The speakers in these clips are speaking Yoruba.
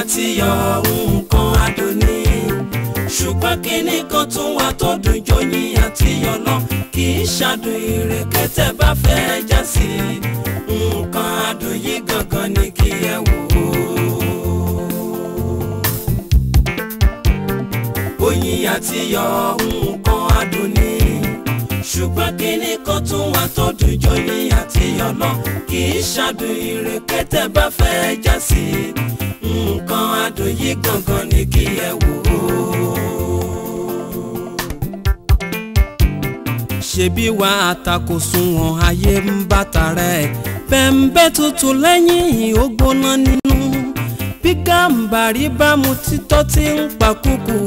àti yọ nǹkan adoni ṣùgbọ́n kínní kan tún wà tó dùn jọyìn àti yọ lọ kì í ṣàdùn ìrèké tẹ́ bá fẹ́ já sí nǹkan adùn yìí gangan ni kí ẹ wò ó. oyin àti yọ nǹkan adùn ni ṣùgbọ́n kínní kan tún wà tó dùn jọyìn àti yọ lọ kì í ṣàdùn ìrèké tẹ́ bá fẹ́ já sí nǹkan adùn yìí gangan ni kí ẹ wò ó nǹkan adùn yìí gangan ni kí ẹ wò ó. ṣebí wa àtakò sunwọ̀n ayé ń bàtà rẹ̀ pẹ̀ǹbẹ́ tutù lẹ́yìn ó nínú bí gàǹbàrí bá mu títọ́ tí ń pa kúkú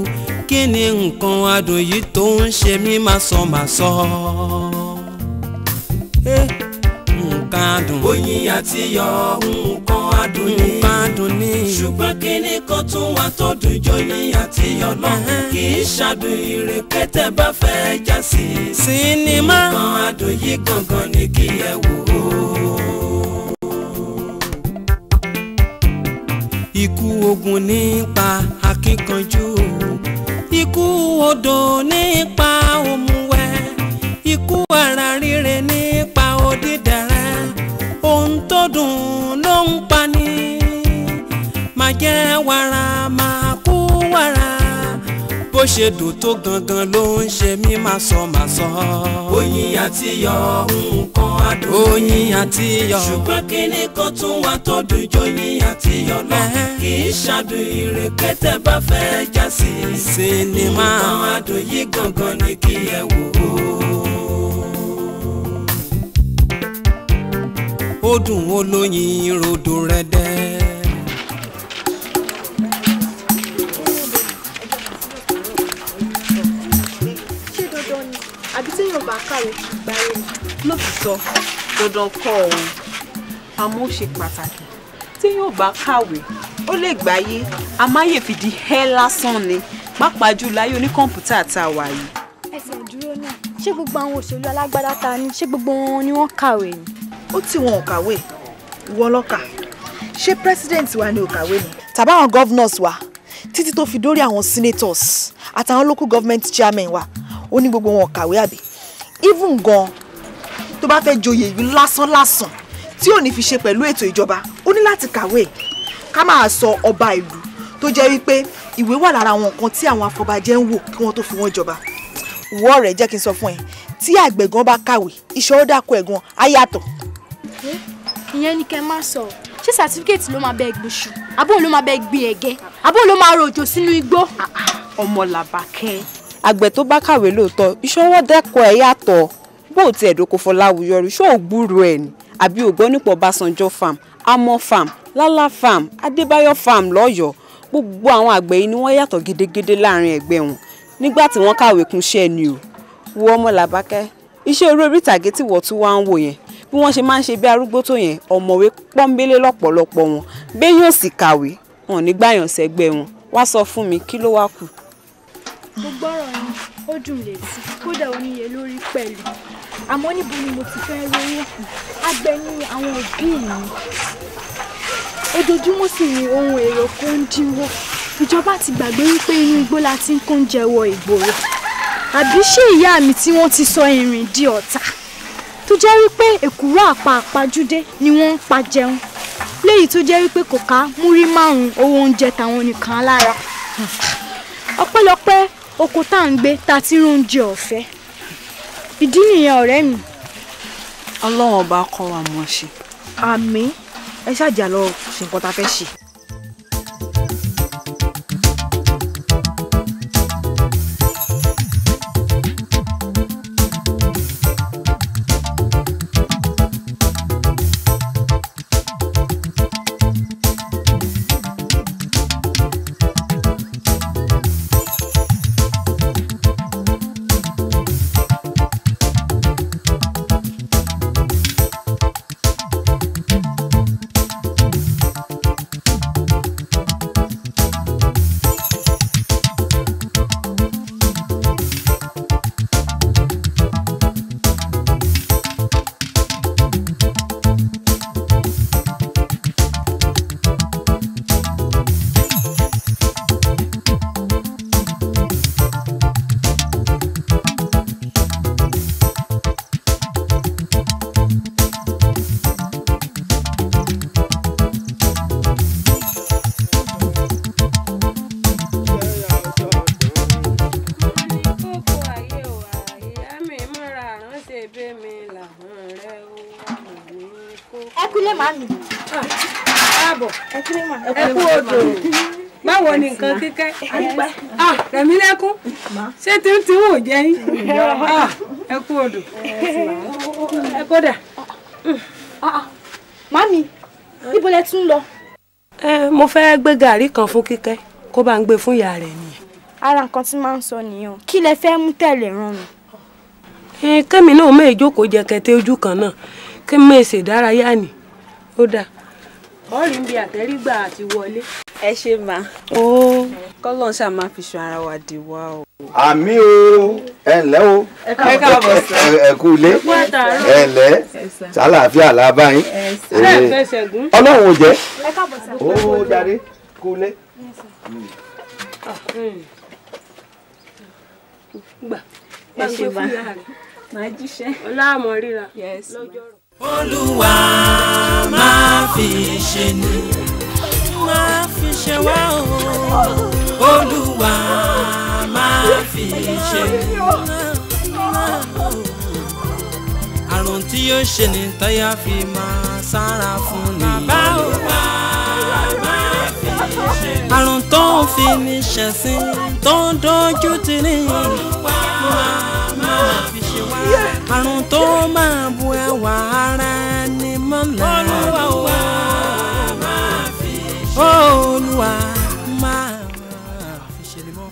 kí ni nǹkan adùn yìí tó ń ṣe mí máa sọ máa sọ. Hey. Eh, nǹkan adùn. oyin àti yọ nǹkan adùn ni. nǹkan adùn ni. ṣùgbọ́n kíní kan tún wà tó jọ yín àti yọ náà. kì í ṣàdùn ìrèké tẹ́ bá fẹ́ já sí. sinimá. nǹkan adùn yìí gangan ni kí ẹ wò ó. ikú ogun nípa akíkanjú ikú odò nípa òmùwẹ̀ ikú ara ríre nípa odídà tó dùn ló ń pani máa jẹ́ wàrà máa kú wàrà bó ṣe dùn tó gangan ló ń ṣe mí máa sọ máa sọ. oyin àti iyọ̀ nǹkan adùn ni oyin àti iyọ̀ ṣùgbọ́n kíní kan tún wà tó dùn jọ oyin àti iyọ̀ lọ kì í ṣàdùn ìrèké tẹ́ bá fẹ́ já sinimá nǹkan adùn yìí gangan ni kí ẹ wò ó. ó dùn ó lóyin rodò rẹ́dẹ́. ṣé dandan ni àbí téèyàn bá kàwé gbà yẹn. lóòótọ́ dandan kọ́ ọ àmọ́ ó ṣe pàtàkì téèyàn bá kàwé ó lè gbáyé amáyèfìdí ẹ lásán ni pàápàá jùlọ ayé oníkọ̀ǹpútà tá a wà yìí. ẹsẹ̀ ìdúró náà ṣé gbogbo àwọn òṣèlú alágbádá ta ni ṣé gbogbo wọn ni wọ́n kàwé ni ó tí wọn ò kàwé ìwọ ọlọ́kà ṣé president wa ni ò kàwé ni. tàbí governors wa títí tó fi dórí àwọn senators àtàwọn local government chairmen wa ó ní gbogbo wọn ò kàwé àbí even gan tó bá fẹ́ joyè ìlú lásán lásán tí ò ní fi ṣe pẹ̀lú ètò ìjọba ó ní láti kàwé ká máa sọ ọba ìlú tó jẹ́ wípé ìwé wà lára àwọn nǹkan tí àwọn afọbajẹ ń wò kí wọ́n tó fi wọ́n jọba wọ́ọ̀rẹ́ jẹ́ kí n sọ fún ẹ tí àgbẹ̀ gan bá kàwé iṣẹ́ ó dàkọ ẹ̀gan á yàtọ̀ ìyẹn ni kẹ́ má sọ ṣé sàtífíkẹ́tì ló máa bẹ́ẹ̀ gbé ṣù àbóun ló máa bẹ́ẹ̀ gbé ẹ̀gẹ́ àbóun ló máa rojò sínú igbó. ọmọ làbàkẹ́. àgbẹ̀ tó bá kàwé lóòótọ́ iṣẹ́ wọn dẹ́kọ̀ ẹ̀ yàtọ̀ bó o tiẹ̀ dóko Fọláwiyọrí ṣó o gbúrò ẹ̀ ni àbí o gbọ́ nípa Ọbásanjọ́ farm Amọ̀ farm lala farm Adébáyọ̀ farm lọ́yọ̀ọ́ gbogbo àwọn àgbẹ̀ yìí ni wọ́n yàtọ̀ gédégédé láàrin ẹgbẹ́ wọn nígbà tí wọ́n kàwé kúnṣẹ́ ni o wo ọmọ làbákẹ́ iṣẹ́ orí ìtàgé tí tún wá ń wò yẹn bí wọ́n ṣe máa ń ṣe bí arúgbó tó yẹn ọ̀mọ̀wé pọ́ńbélé lọ́pọ̀lọpọ̀ wọn bẹ́ẹ̀ yóò sì kàwé wọn ní gbàyàn sẹ́gbẹ́ wọn wá sọ fún mi kí ló wá kù. gbogbo ọ̀rọ̀ yẹn ó dùn létí kódà ó lórí pẹ̀lú àmọ́ níbo ni mo ti fẹ́ rówó àgbẹ̀ ni àwọn òbí mi ojoojúmọ́ sì ni ohun èrò kò ń dínwó ìjọba ti gbàgbé wípé inú igbó la ti ń kóúnjẹ wọ ìgboro àbí ṣé ìyá mi tí wọ́n ti sọ irin di ọ̀tá tó jẹ́ wípé èkúrò àpàpàjúdé ni wọ́n ń pa jẹun léyìí tó jẹ́ wípé kò ká múrí márùn-ún owó oúnjẹ tàwọn nìkan lára ọpẹ́lọpẹ́ oko tá à ń gbé ta ti rún oúnjẹ ọ̀fẹ́ ìdí nìyẹn ọ̀rẹ́ mi. ọlọ́run ọba kọ́ wa mọ̀ ṣe. àmín ẹ ṣáàjà lọ ṣe nǹkan tá fẹ́ ṣe. ṣé tìǹtìǹ ò jẹ́ yín ah, ẹ kú odò ẹ kódà. mami níbo lẹ tún lọ. mo fẹ́ gbé gàárì kan fún kíkẹ́ kó bá ń gbé fún ìyá rẹ̀ nìyẹn. ara nǹkan tí máa ń sọ nìyẹn kí lẹ fẹ́ mú tẹ̀lé rán kẹ́mi náà mọ̀ èjókòó jẹ kẹtẹ ojú kan náà kẹ́mi mọ̀ èsè ni ó dáa ọ̀rìn bíi àtẹrígbà àti wọlé. ẹ ṣe máa ó kọ́lọ́n ṣáà máa fi ṣan ara wa dì wá o. àmì o ẹ ǹlẹ́ o ẹ káàbọ̀ sí ẹ kú ilé ẹ ǹlẹ́ sàlàáfíà làbáyín ọlọ́run ò jẹ́ ó jáde kú ilé. Ah, hmm. gbà ẹ ṣe máa máa jíṣẹ́ ọlọ́àmọ̀ ríra lọ́jọ́ rẹ̀ olúwa máa fi ṣe ni máa fi ṣe wá o olúwa máa fi ṣe ni àrùn tí yóò ṣe ni táyà fi máa sára fún ni olúwa máa fi ṣe ni àrùn tó ń fi ní ṣẹ̀sín tó ń dojú tì ní olúwa máa fi ṣe ni àrùn tó máa bu ẹwà ara ni mọ́lá olúwa máa fi ṣe olúwa máa fi ṣe ni mọ́.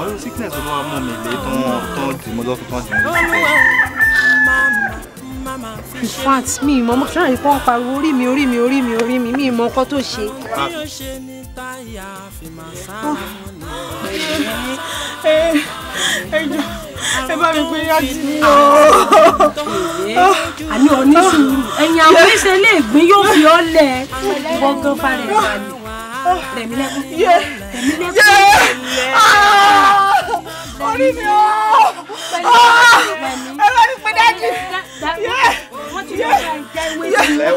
ọ̀rọ̀ sickness ló máa mú mi lé tán tán dì mọ́ lọ́tún tán dì mọ́ lọ́tún in fact mi ìmọ̀ mo ṣáà rí pọ́n pariwo orí mi orí mi orí mi orí mi mi ìmọ̀ nǹkan tó ṣe. Ah. ẹ bá mi pé yájú mi o. àní oníṣòwò ẹ̀yin àwọn oníṣẹ́ lè gbin yóò fi ọ́ lẹ̀ gbọ́ngàn fara ẹ̀ balẹ̀ tẹ̀mílẹ́kùn tẹ̀mílẹ́kùn lẹ̀ orí Oh, o Oh, bá Oh, pé dájú ilẹ̀ o ilẹ̀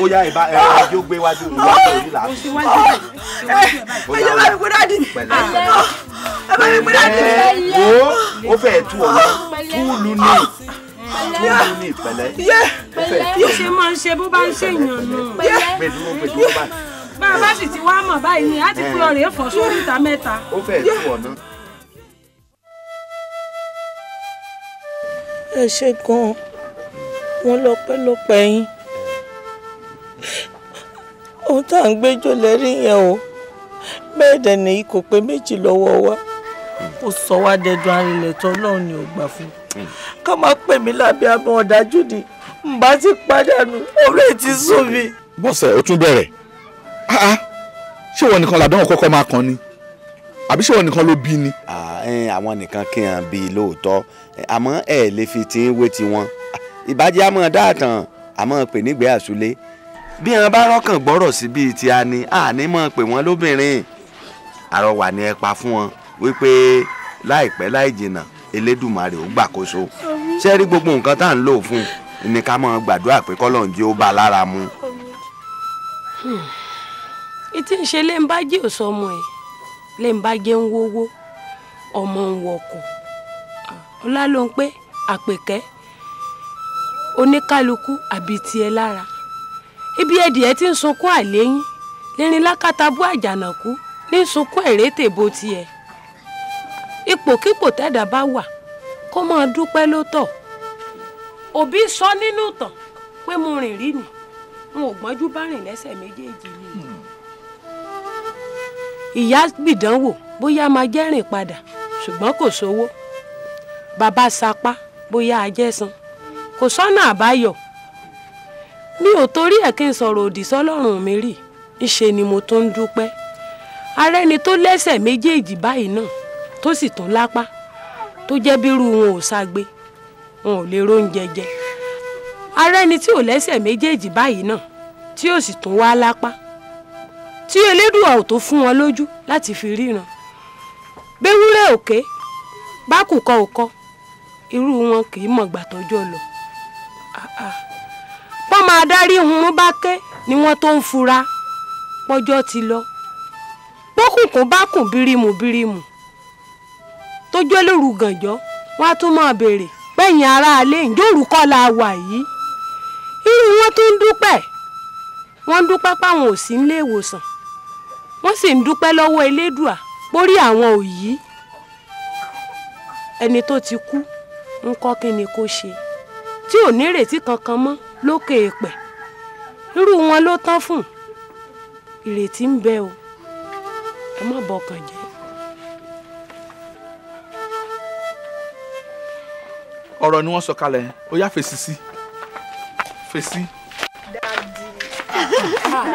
o ilẹ̀ o ya ìbá ẹ ẹ yóò gbé wájú ìyá òní là á fi ẹ ẹ bá mi pé dájú ẹ bá mi pé dájú o ó fẹ́ tú ọ túlù ní túlù ní ìpẹ̀lẹ́ ó fẹ́ tú ọ. pẹ̀lẹ́ ó ṣe máa ń ṣe bó bá ń ṣe èèyàn náà. pẹ̀lẹ́ pẹ̀lú pẹ̀lú báyìí bá a bá sì ti wá mọ̀ báyìí ni a ti pín ọ̀rẹ́ fọ́ sórí ìta mẹ́ta. ó fẹ́ẹ̀ tó ọ̀nà. ẹ ṣe gan wọn lọ́pẹ́lọpẹ́ yín ohun tá à ń gbẹ́jọ́ lẹ́rí yẹn o bẹ́ẹ̀ dẹ̀ nìyí kò pé méjì lọ́wọ́ wa ó sọ wá dẹdun arinlẹ̀ tó ni ò gbà fún hmm. ká má pè mí lábẹ́ abẹ́ ọ̀dájú ni n bá ti pàdánù orí ti sùn mi. bọ́sẹ̀ ó tún bẹ̀rẹ̀ Ah, ah. ṣé wọn nìkan làdánwò kọ́kọ́ máa kàn ni àbí ṣé wọn nìkan ló bí ni. Ah, àwọn nìkan kí hàn bíi lóòótọ́ àmọ́ ẹ lè fi tí ń wé tiwọn ìbàjẹ́ àmọ́ dáàtàn àmọ́ pè nígbé àsúlé bí wọn bá rọ́kàn gbọ́rọ̀ sí bíi ti a ni àní mọ̀ pé wọ́n lóbìnrin àrọwà ni ẹ pa fún wọn wípé láìpẹ́ láì jìnnà Elédùmarè ó gbàkóso ṣé rí gbogbo nǹkan tá à ń lò fún ni ká mọ̀ gbàdúrà pé kọ́lọ́ọ̀jì ó bá lára mu. Hmm ìtí ń ṣe lẹ́ńbàjẹ́ ò sọmọ ẹ̀ lẹ́ńbàjẹ́ ń wówó ọmọ ń wọkọ̀ ọlá ló ń pé àpèkẹ́ oníkálukú àbí tiẹ̀ lára ibi ẹ̀dìẹ̀ tí ń sunkún àléyìn lérin lákàtàbú àjànàkú ní sunkún ẹ̀rẹ́tè bó tiẹ̀ ipòkípò tẹ́dà bá wà kó máa dúpẹ́ ló tọ́ òbí sọ nínú ìtàn pé mo rìn rí ni n ò gbọ́njú bá rìn lẹ́sẹ̀ méjèèjì ìyá gbìdánwò bóyá máa jẹ́rìn padà ṣùgbọ́n kò sówó bàbá sapá bóyá ajẹ́san kò sọ́nà àbáyọ mi ò torí ẹ̀ kí n sọ̀rọ̀ òdì sọ́lọ́run mi rí ńṣe ni mo tún ń dúpẹ́ ara ẹni tó lẹ́sẹ̀ méjèèjì báyìí náà tó sì tún lápá tó jẹ́ bírú wọn ò ságbe wọn ò lè róúnjẹ jẹ ara ẹni tí ò lẹ́sẹ̀ méjèèjì báyìí náà tí ò sì tún wá lápá tí elédùà ò tó fún wọn lójú láti fi ríran béwúrẹ́ òkè bá kùkọ òkọ irú wọn kì í mọ̀gbà tọ́jọ́ lọ. wọ́n máa darí hun bá ké ni wọ́n tó ń fura pọ́jọ́ ti lọ pọ́kùnkùn bá kùn bírímù bírímù tó jẹ́ lóru gànjọ́ wọ́n á tún máa béèrè pẹ̀yìn aráalé ìjòrú kọ́ la wà yìí irú wọn tún ń dúpẹ́ wọ́n ń dúpẹ́ páwọn ò sí nílé ìwòsàn wọ́n sì ń dúpẹ́ lọ́wọ́ elédùà borí àwọn òyì ẹni tó ti kú ń kọ́ kí ni kó ṣe tí ò nírètí kankan mọ́ lókè èèpẹ̀ irú wọn ló tán fún ìrètí ń bẹ o ẹ má bọkàn jẹ́. ọ̀rọ̀ ni wọ́n sọ kalẹ̀ ó yá fèsì sí fèsì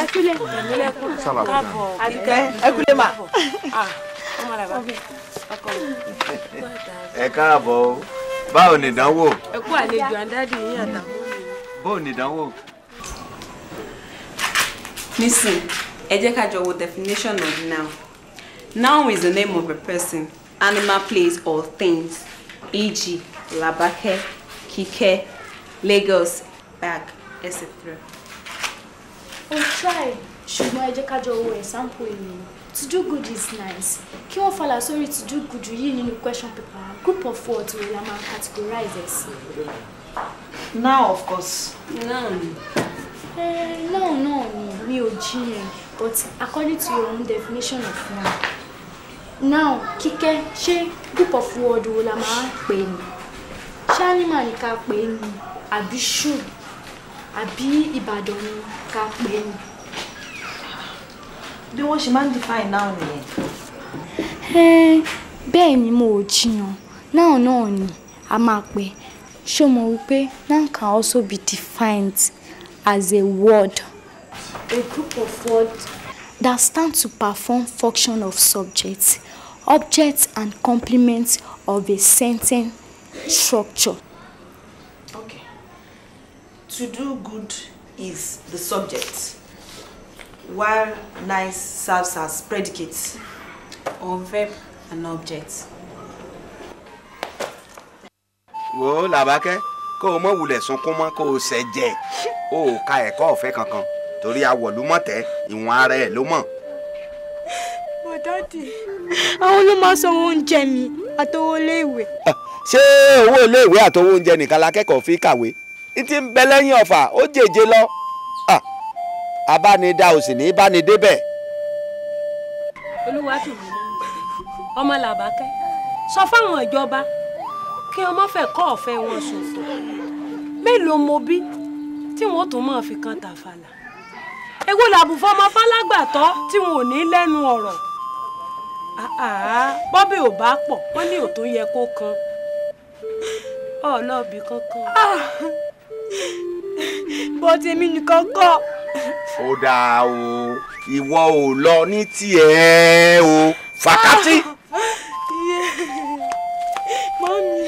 ẹkúlé káàbọ̀ ẹkúlé ma ẹ káàbọ̀ o báwo ni ìdánwò. ẹ kú àlejò àdádì yín àtàwọn. báwo ni ìdánwò. nisin ẹ jẹ́ ká jọ wo definition of now. Now is the name of a person animal place or things e.g. Labake Kike Lagos bag etc o try should ẹ jẹ́ ká jọ wo example to do good is nice kí wọ́n falà to do good yìí nínú question paper group of words wo la máa categorizes. now of course. No. ni. Eh, no, no. ni mi ò but according to your own definition of now now kike she group of word wo la máa ń pè ní ni ká pè ní àbí ìbàdàn ni ká pè ní. bí wọ́n ṣe máa ń define noun nìyẹn. bẹ́ẹ̀ ni mo ò jiyàn noun náà ni a máa pè ṣó mo wípé noun can also be defined as a word a group of words that stand to perform function of subject object and complement of a sentence structure. To do good is the subject, while nice serves as predicate or verb and object. Wo Làbákẹ́, kó o mọ̀ wulẹ̀ sunkún mọ́ kó o ṣẹ̀ jẹ́, o ò ka ẹ̀kọ́ ọ̀fẹ́ kankan torí awọ̀ ló mọ̀ tẹ́ ìwọ̀n ara ẹ̀ ló mọ̀. Bọ̀ dáàdì, àwọn ló máa sanwó oúnjẹ mi àtowó iléèwé. Ṣé owó iléèwé àtowó oúnjẹ nìkan la kẹ́kọ̀ọ́ ti ń bẹ lẹ́yìn ọ̀fà ó jèjé lọ abánidá ò sì ní í báni débẹ̀. olúwàtúmí ọmọ làbákẹ́ sọ fáwọn ìjọba kí ọmọ fẹ́ kọ́ ọ̀fẹ́ wọn ṣòfò mélòó mo bí tí wọn ò tún máa fi kan tàfàlà ewu làbùfọ́ ọmọ fálágbàtọ́ tí wọn ò ní lẹ́nu ọ̀rọ̀ bọ́bí ò bá pọ̀ wọ́n ní òtún yẹ kó kan ọ̀ọ́lọ́ọ̀bì kankan. Ah, bó tèmi nìkan kọ́. ó dáa o ìwọ ò lọ ní tiẹ̀ o fàkàtì. mọ́mí.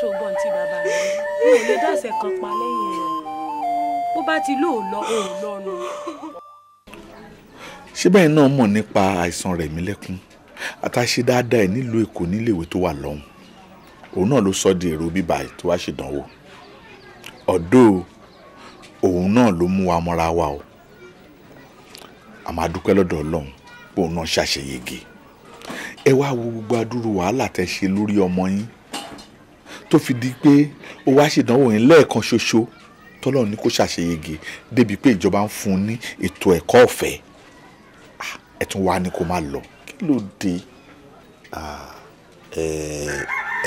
tó gbọ́n tí bàbá rẹ̀ mi ò lè dáṣẹ̀ kan pa lẹ́yìn rẹ̀ bó bá ti lóò lọ ò lọ nù. ṣé bẹ́ẹ̀ náà mọ̀ nípa àìsàn rẹ̀ mí lẹ́kún àtàṣe dáadáa ẹ̀ nílùú èkó níléèwé tó wà lọ́hùn òun náà ló sọ di èrò bíbá ẹ̀ tó wá ṣèdánwò ọ̀dọ́ òun náà ló mú wa mọ́ra wa o a máa dúpẹ́ lọ́dọ̀ ọlọ́run pé òun náà ṣàṣeyege ẹ wá wo gbogbo adúrú wàhálà tẹ ṣe lórí ọmọ yín tó fi di pé ó wá ṣèdánwò yín lẹ́ẹ̀kan ṣoṣo tọ́lọ́run ní kó ṣàṣeyege débi pé ìjọba ń fún un ní ètò ẹ̀kọ́ ọ̀fẹ́ ah, ẹ tún wá ní kó má lọ kí ló dé. Ah,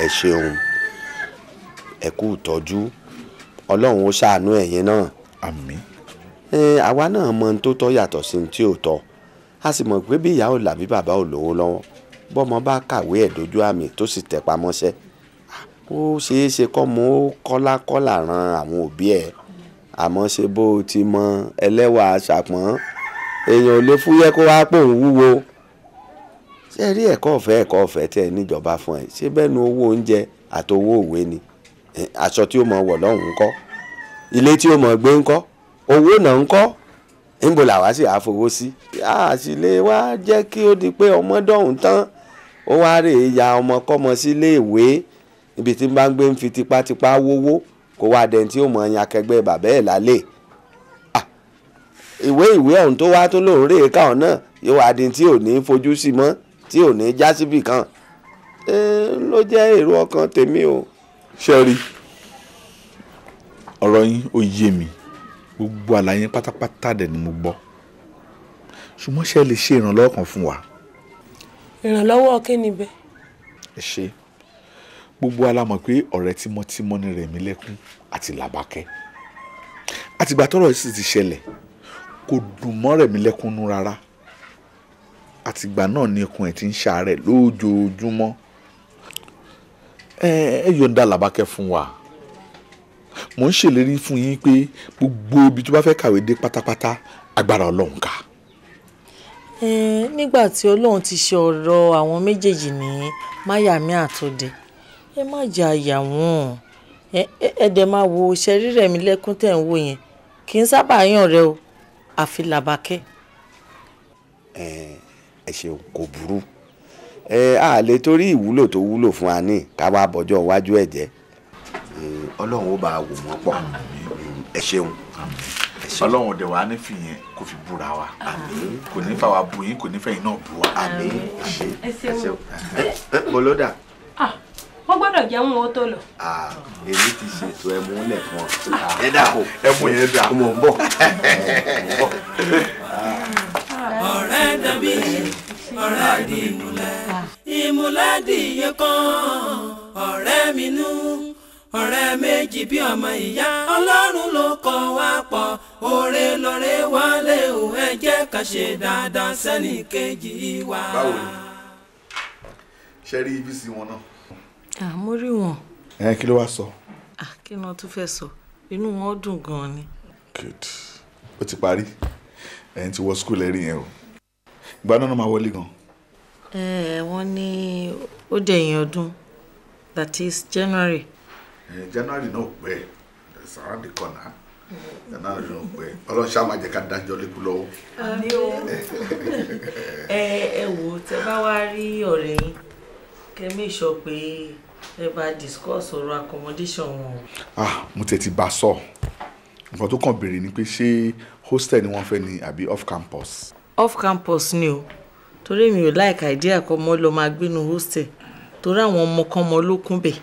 ẹ ṣeun ẹ kú ìtọ́jú ọlọ́run ó ṣàánú ẹ̀yin náà. àmín. ẹ àwa náà mọ ohun tó tọ́ yàtọ̀ sí ohun tí ò tọ́ a sì mọ̀ pé bí ìyá ò là bí bàbá ò lówó lọ́wọ́ bọ́mọ bá kàwé ẹ̀ dojú àmì tó sì tẹ̀ pamọ́ṣẹ́ ó ṣeé ṣe kọ́ mọ́ ó kọ́lákọ́là ran àwọn òbí ẹ̀ àmọ́ ṣe bó o ti mọ ẹlẹ́wà aṣàpọ́n èèyàn ò lè fúyẹ́ kó wá pòun wúwo ṣé rí ẹ̀kọ́ ọ̀fẹ́ ẹ̀kọ́ ọ̀fẹ́ tẹ̀ níjọba fún ẹ ṣé bẹ́ẹ̀ nu owó oúnjẹ àtowó òwe ni aṣọ tí o mọ wọ̀ lọ́hùn ńkọ́ ilé tí o mọ gbé ńkọ́ owó náà ńkọ́ níbo làwa sì á fowó sí. àṣìlè wa jẹ́ kí o di pé ọmọ dọ̀hún tán ó wá rè é ya ọmọkọ́mọ sílé ìwé ibi tí n bá ń gbé ń fi tipátipá wówó kó wá dẹni tí o mọ ẹyin akẹgbẹ́ bàbá ẹ̀ lálẹ́ ìwé ìwé ọ̀hún tó wá tó lóun rèé káwọn náà yóò wá di tí ò ní fojú sí mọ́ tí ò ní já síbì kan ló jẹ́ èrò ọkàn tèmi o ṣẹ́rí ọ̀rọ̀ yín ó yé mi gbogbo àlàyé pátápátá dẹ̀ ni mo gbọ́ ṣùgbọ́n ṣe lè ṣe ìrànlọ́wọ́ kan fún wa. ìrànlọ́wọ́ kí ni bẹ́ẹ̀. ẹ ṣe gbogbo ala mọ̀ pé ọ̀rẹ́ tímọ́tímọ́ ni rẹ̀ mí lẹ́kún àti làbákẹ́ àtìgbà tọ́rọ̀ sì ti ṣẹlẹ̀ kò dùn mọ́ rẹ̀ mí lẹ́kún nú rárá àtìgbà náà ni ikùn ti ń ṣàárẹ̀ lójoojúmọ́ ẹ yọ̀ǹda làbákẹ́ fún wa mò ń ṣèlérí fún yín pé gbogbo ibi tó bá fẹ́ kàwé dé pátápátá agbára ọlọ́run ká. nígbà tí ọlọ́run ti ṣe ọ̀rọ̀ àwọn méjèèjì ní máyàmí àtòdè ẹ má jẹ àyà wọn ẹ dẹ̀ máa wo iṣẹ́ rírẹ̀ mi lẹ́kún tẹ̀ ń wò yẹn kì í sábà yàn rẹ o àfi làbákẹ́. ẹ ẹ ṣeun kò burú ẹ á lè torí ìwúlò tó wúlò fún wa ní ká wá bọjọ́ iwájú ẹ̀ jẹ́. ọlọ́run ó bá wò wọ́n pọ̀ ẹ ṣeun ọlọ́run ọ̀dẹ̀ wa ní fìyẹn kò fi búra wa kò ní fa wa bu yín kò ní fẹ́ yín náà bu wa. ẹ ṣeun ẹ ṣeun bọ́lódà wọ́n gbọ́dọ̀ jẹun owó tó lọ. èmi ti ṣètò ẹmu lẹ̀ fún ọ ẹ dàpọ ẹmu yẹn dà mo ń bọ̀. ọ̀rẹ́ dàbí ọ̀rẹ́ di ìmùlẹ̀ ìmùlẹ̀ di iye kan ọ̀rẹ́ mi nú ọ̀rẹ́ méjì bí ọmọ ìyá ọlọ́run ló kọ́ wa pọ̀ oore lóore wálé o ẹ jẹ́ ká ṣe dáadáa sẹ́nìkejì wa. báwo ni ṣe rí ibi sí wọn náà mo rí wọn. ẹ kí ló wá sọ. kí ni wọn tún fẹ́ sọ inú wọn dùn gan ni. good ó ti parí ẹ̀yin ti wọ skul ẹ̀rí yẹn o ìgbà náà máa wọlé gan. ẹ wọ́n ní ó dẹ̀yìn ọdún that is january. january náà pẹ́ that's around the corner january náà pẹ́ ọlọ́run ṣáà máa jẹ́ ká dájọ́ lẹ́kú lọ́wọ́. ẹ ẹ wò tẹ bá wá rí ọ̀rẹ́ yín kẹ́mí sọ pé ẹ bá discuss ọ̀rọ̀ accommodation wọn. ah mo tẹ̀ ti bá a sọ nǹkan tó kàn béèrè ni pé ṣé hostel ni wọ́n fẹ́ ni àbí off campus. off campus ni o torí mi ò like idea kọ́ mọ́ lọ máa gbénu hostel torí àwọn ọmọ kan mọ ló kún bẹ̀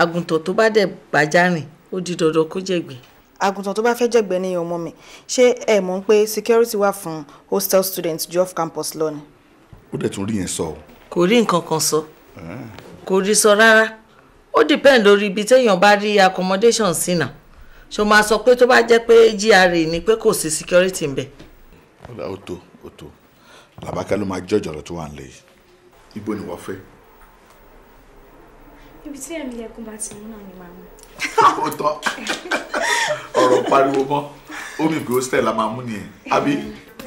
àgùntàn tó bá dẹ̀ bàjá rìn ó di dandan kó jẹ̀gbẹ́ àgùntàn tó bá fẹ́ jẹ̀gbẹ́ ní ọmọ mi ṣé ẹ mọ̀ pé security wà fún hostel students ju off campus lọ ni. ó dẹ̀ tún rí yẹn sọ. kò rí nǹkan kan sọ kò rí sọ rárá ó depend lórí ibi téèyàn bá rí accommodation sí náà ṣó máa sọ pé tó bá jẹ́ pé GRA ni pé kò sí security ń bẹ̀. ọ̀dà ó tó ó tó làbákẹ́ ló máa jọ́jọ́ ọ̀rọ̀ tó wà nílẹ̀ yìí ibo ni wọ́n fẹ́. ibi tí ẹ̀mí ẹkún bá ti mú náà ni màá mú. ó tán ọ̀rọ̀ pariwo mọ́ omi ìgbé la máa mú nìyẹn àbí.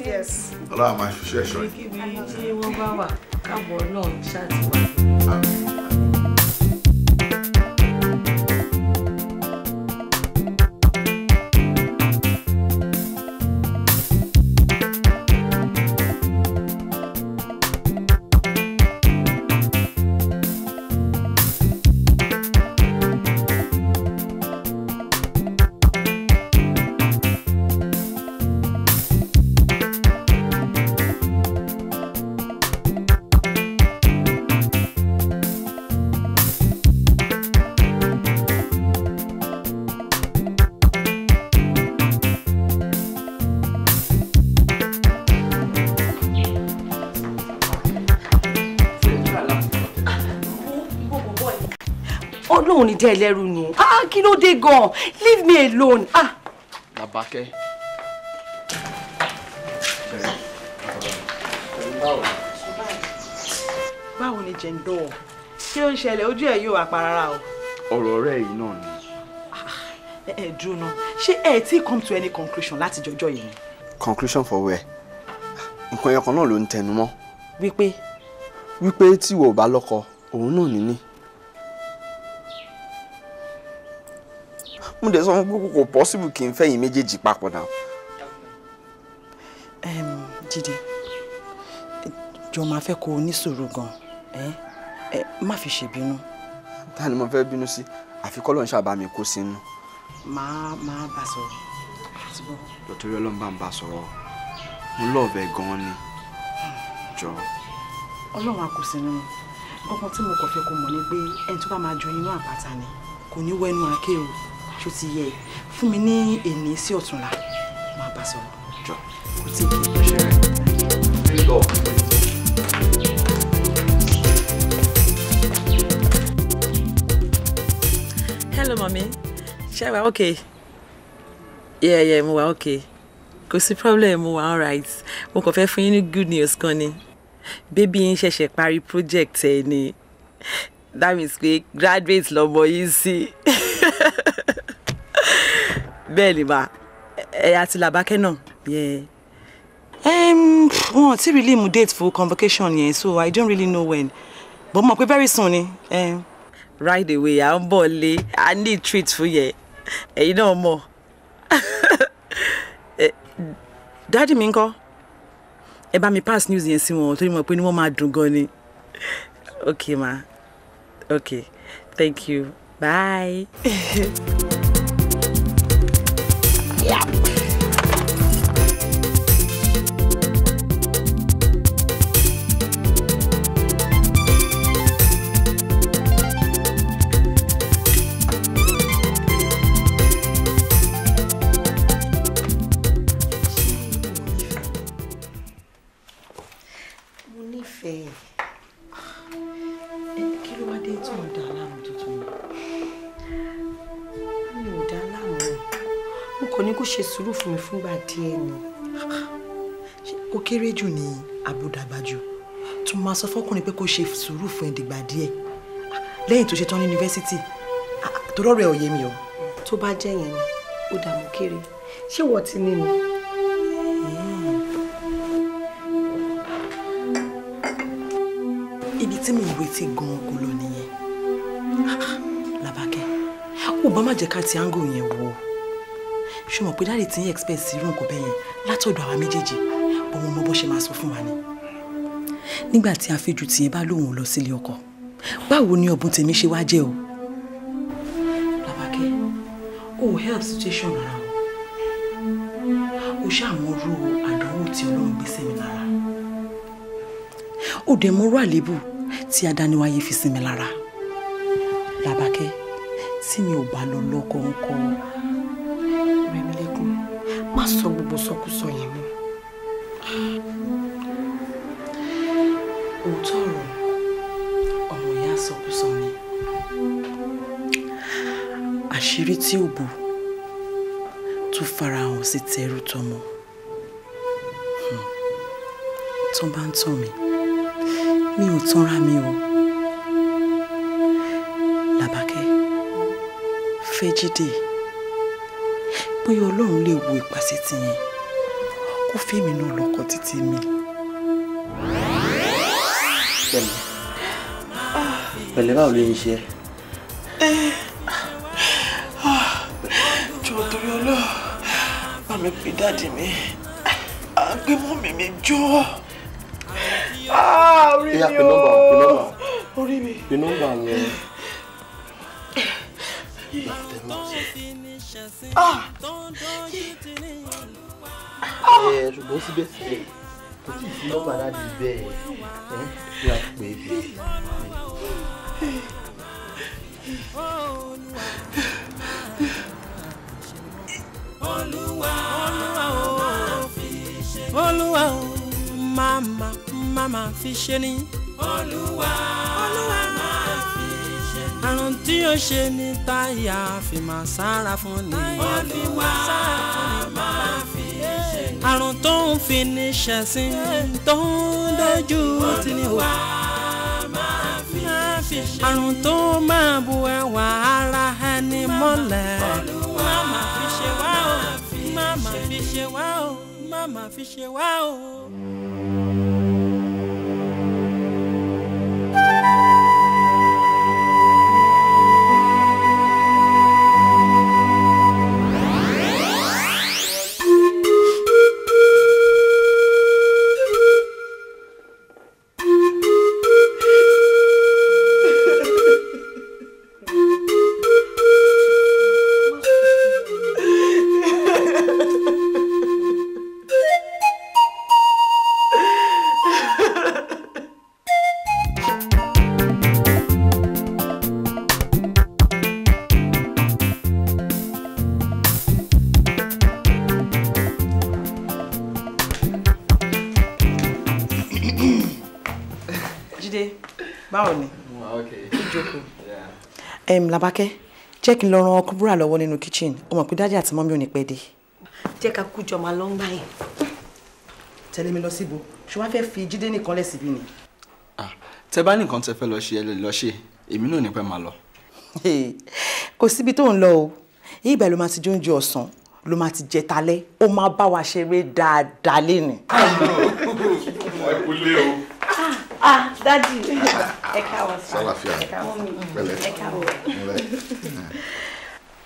yes. ọlọ́run máa ṣiṣẹ́ ẹ̀ṣọ́ yìí. tí wọ́n bá wà káàbọ̀ náà ṣáà ti wà. ò ní dẹ́ ẹ lẹ́rù ni ah kí ló dé gan leave me alone ah. làbákẹ́. báwo ni jẹ̀ǹdọ̀ kí ló ń ṣẹlẹ̀ ojú ẹ̀ yóò àparara o. ọ̀rọ̀ ọ̀rẹ́ yìí náà ni. Ah, ẹ dúró náà ṣé ẹ ti come to any conclusion láti jọjọ yìí. conclusion for where nǹkan ẹyọkan náà ló ń tẹnu mọ́. wípé. wípé tí ìwọ ò bá lọ́kọ òun náà níní. mo dẹ̀ sọ fún pé kò possible kí n fẹ́yìn méjèèjì papọ̀ náà. Jídé jọ máa fẹ́ kó o ní sùúrù gan-an má fi ṣèbínú. ta ni mo fẹ́ bínú sí àfi kọ́ ló ń ṣàbá mi kó sínú. máa máa bá sọ̀rọ̀ àtibọ́. lọ́tọ́rí ọlọ́run bá ń bá sọ̀rọ̀ mo lọ́ọ̀bẹ gan-an ni jọ. ọlọ́run a kò sínú mi ọkàn tí mo kàn fẹ́ kó mọ̀ ni pé ẹni tó bá máa jọ inú àpáta ni kò ní wẹ́nu àáké o ṣó ti yẹ fún mi ní èní sí ọ̀túnla máa bá sọ̀rọ̀ jọ kò tí ì kí ṣe rẹ̀. Hello, mommy. Ṣé wà okay? Yeah, yeah, mo wà okay. Kò sí problem, mo wà alright. Mo kàn fẹ́ fún yín ní good news kan ni. Bébí yín ṣẹ̀ṣẹ̀ parí project ẹ̀ ni. That means pé graduate lọ́mọ yín sí. bẹ́ẹ̀ ni bá ẹ àti làbákẹ́ náà yẹn. wọn ò tí ì really mú date for convocation yẹn so i don't really know when but mo mọ̀ pé very soon ni. right away à ń bọ̀ lé i need treat fún yẹn ẹ̀yin náà mọ̀ dáàdì mi ń kọ́ ẹ bá mi pass news yẹn sí wọn torí mo pé ni wọ́n máa dùn gan ni okay ma okay thank you bye. ṣe sùúrù fún mi fúngbà díẹ̀ ni. ó kéré jù ní àbúdàgbà jù tó máa sọ fọkùnrin pé kó ṣe sùúrù fún ìdìgbà díẹ̀ lẹ́yìn tó ṣe tán ní yunifásitì tó rọrùn ẹ̀ ò yé mi o. tó bá jẹ́ yẹn ni ó dààmú kéré ṣé wọ́n ti ní ni. ibi tí mò ń retí gan-an kò lọ nìyẹn làbákẹ́ ó bá má jẹ́ ká ti áńgò yẹn wò ó ṣé o mọ̀ pé dáàdì tí ń expect sí irú nǹkan bẹ́yẹn látọ̀dọ̀ àwa méjèèjì bó mo mọ bó ṣe máa sọ fún wa ni. nígbà tí àfẹ́jù tìyẹn bá lóun lọ sílé ọkọ báwo ni ọ̀bùn tèmi ṣe wá jẹ́ o. làbákẹ́ o ò help situation rárá o ṣàwọn orú àdánwò tí ọlọ́run gbé sí mi lára ó dẹ̀ mọ́rú àléébù tí adániwáyé fi sí mi lára làbákẹ́ tí mi ò bá lọ lọ́kọ̀ọ́kọ́ má sọ gbogbo sọkúsọ yẹn mọ́ òótọ́ ọ̀rọ̀ ọmọ ìyá sọkúsọ ni àṣírí tí ò bò tún farahàn sí tẹrú tọmọ hmm. tó bá ń tàn mí mi ò tanra mi o làbákẹ́ fẹ́jídé bóyá ọlọ́run lè wo ìpàṣẹ ti yẹn kó fèmí náà lọ́kọ títí mi. pẹ̀lẹ́ pẹ̀lẹ́ báwo ló ń ṣe ẹ́. Ah, jọ torí ọlọ́run bá mi pè dáàdì mi à ń gbé mọ́ mi jọ. Ah, orí mi o orí mi. pe nọ́mbà yẹn. ẹ ṣùgbọ́n síbẹ̀síbẹ̀ kò tí ì sí nọ́mbà láti bẹ́ẹ̀ ẹ kí a pè é bí. Olúwa Olúwa o mama mama fi ṣe ni. Olúwa Olúwa ohun tí ó ṣe ní táyà fi máa sára fún ni. táyà fi máa sára fún ni máa fi ṣe. àrùn tó ń fi ní ṣẹ̀sín tó ń dojú tì ní o. àrùn tó máa bu ẹwà ara ẹni mọ́lẹ̀. má má fi ṣe wá o má má fi ṣe wá o má má fi ṣe wá o. làbákẹ́ jẹ́ kí n lọ ran ọkùnrin búra lọ́wọ́ nínú kitchen o mọ̀ pé dájú àti mọ́mí ò ní pẹ́ dé. jẹ́ ká kú jọ máa lọ ń gbà yẹn. tẹ̀lé mi lọ síbo ṣé wàá fẹ́ fi jíde nìkan lẹ̀ síbí ni. Ah, tẹ bá nìkan tẹ fẹ́ lọ ṣe ẹ lè lọ ṣe èmi náà ní pẹ́ máa lọ. kò síbi tó ń lọ o ibà ló máa ti jóúnjẹ ọ̀sán ló máa ti jẹ talẹ́ ó máa bá wa ṣeré dáadáa lénìí. ah dadi ẹ káwọ sa ẹ káwọ mi ẹ káwọ.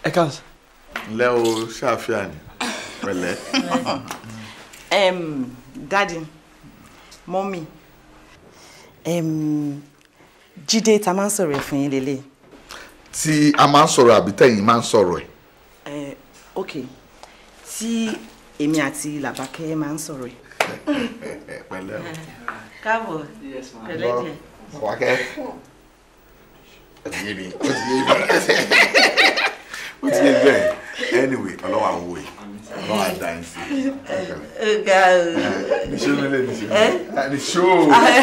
ẹ káwọ sa. ǹlẹ́ o ṣàfihàn ni pẹ̀lẹ́. dadi mọ́mì jíde ta máa ń sọ̀rọ̀ ẹ̀ fún yín lélẹ̀. tí a máa ń sọ̀rọ̀ àbí tẹ̀yin máa ń sọ̀rọ̀ ẹ̀. ok tí èmi àti làbákẹ́ máa ń sọ̀rọ̀ ẹ̀ káàbọ̀ pẹ̀lẹ́ díẹ̀. wákẹ́ ó ti yé mi ó ti yé mi ó ti yé mi bẹ́ẹ̀ anyway ọlọ́wọ́ àwọn òye ọlọ́wọ́ àdáyé sí i. níṣó ló lè níṣó níṣó o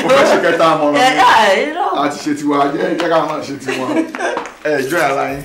fẹ́ ṣe kẹta mọ́ ọ́n a ti ṣe tiwa jẹ́ ká máa ṣe tiwa ẹ̀ẹ́dọ́ ara yín.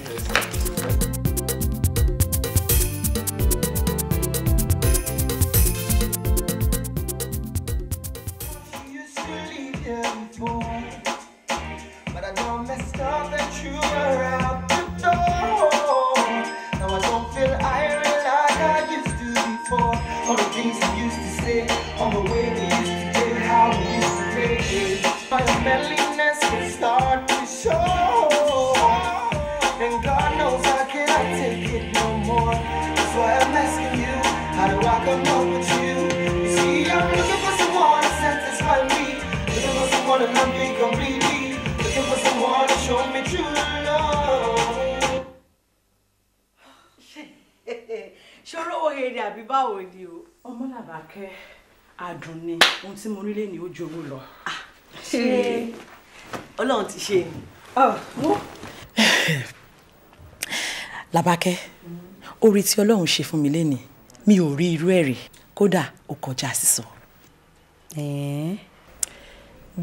orí tí Ọlọ́run ṣe fún mi lénìí mi ò rí irú ẹ̀ rí kódà ó kọjá sísọ.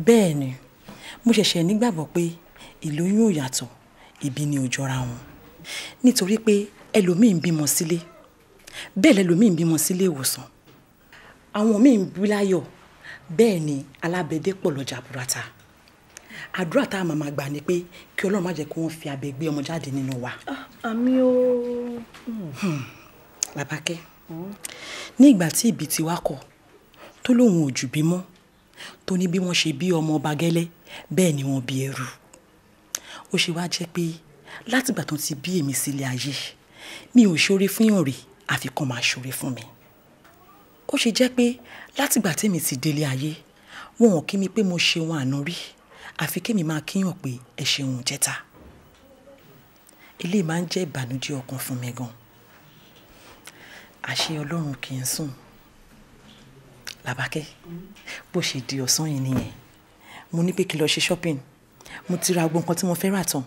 bẹ́ẹ̀ ni mo ṣẹ̀ṣẹ̀ nígbàgbọ́ pé ìlóyún ò yàtọ̀ ìbí ni ò jọra wọn nítorí pé ẹlòmíì ń bímọ sílé bẹ́ẹ̀ lẹlòmíì ń bímọ sílé ìwòsàn àwọn míì ń bí láyọ̀ bẹ́ẹ̀ ni alábẹ́dẹ́ pọ̀ lọ́jà burata àdúrà tá a máa máa gbà ni pé kí ọlọ́run má jẹ́ kí wọ́n fi abẹ gbé ọmọ jáde nínú wa. Ah, àmì o. làbákẹ́ hmm. ní ìgbà tí ìbí ti wá kọ̀ tó lóun ò jù bí mọ́ tó ní bí wọ́n ṣe bí ọmọ ọba gẹ́lẹ́ bẹ́ẹ̀ ni wọ́n bí ẹrú ó ṣe wá jẹ́ pé látìgbà tó ti bí èmi sílé ayé mi ò ṣoore fún yàn rè àfi máa ṣoore fún mi ó ṣe jẹ́ pé látìgbà tèmi ti délé ayé wọn ò kí mi pé mo ṣe wọn àná rí àfi kémi máa kíyàn pé ẹ ṣeun jẹ́ta eléyìí máa ń jẹ́ ìbànújẹ́ ọkàn fún mi gan àṣẹ ọlọ́run kì í sùn làbákẹ́ bó ṣe di ọ̀sán yìí nìyẹn mo ní pé kí n lọ ṣe shopping mo ti ra gbogbo nǹkan tí mo fẹ́ rà tán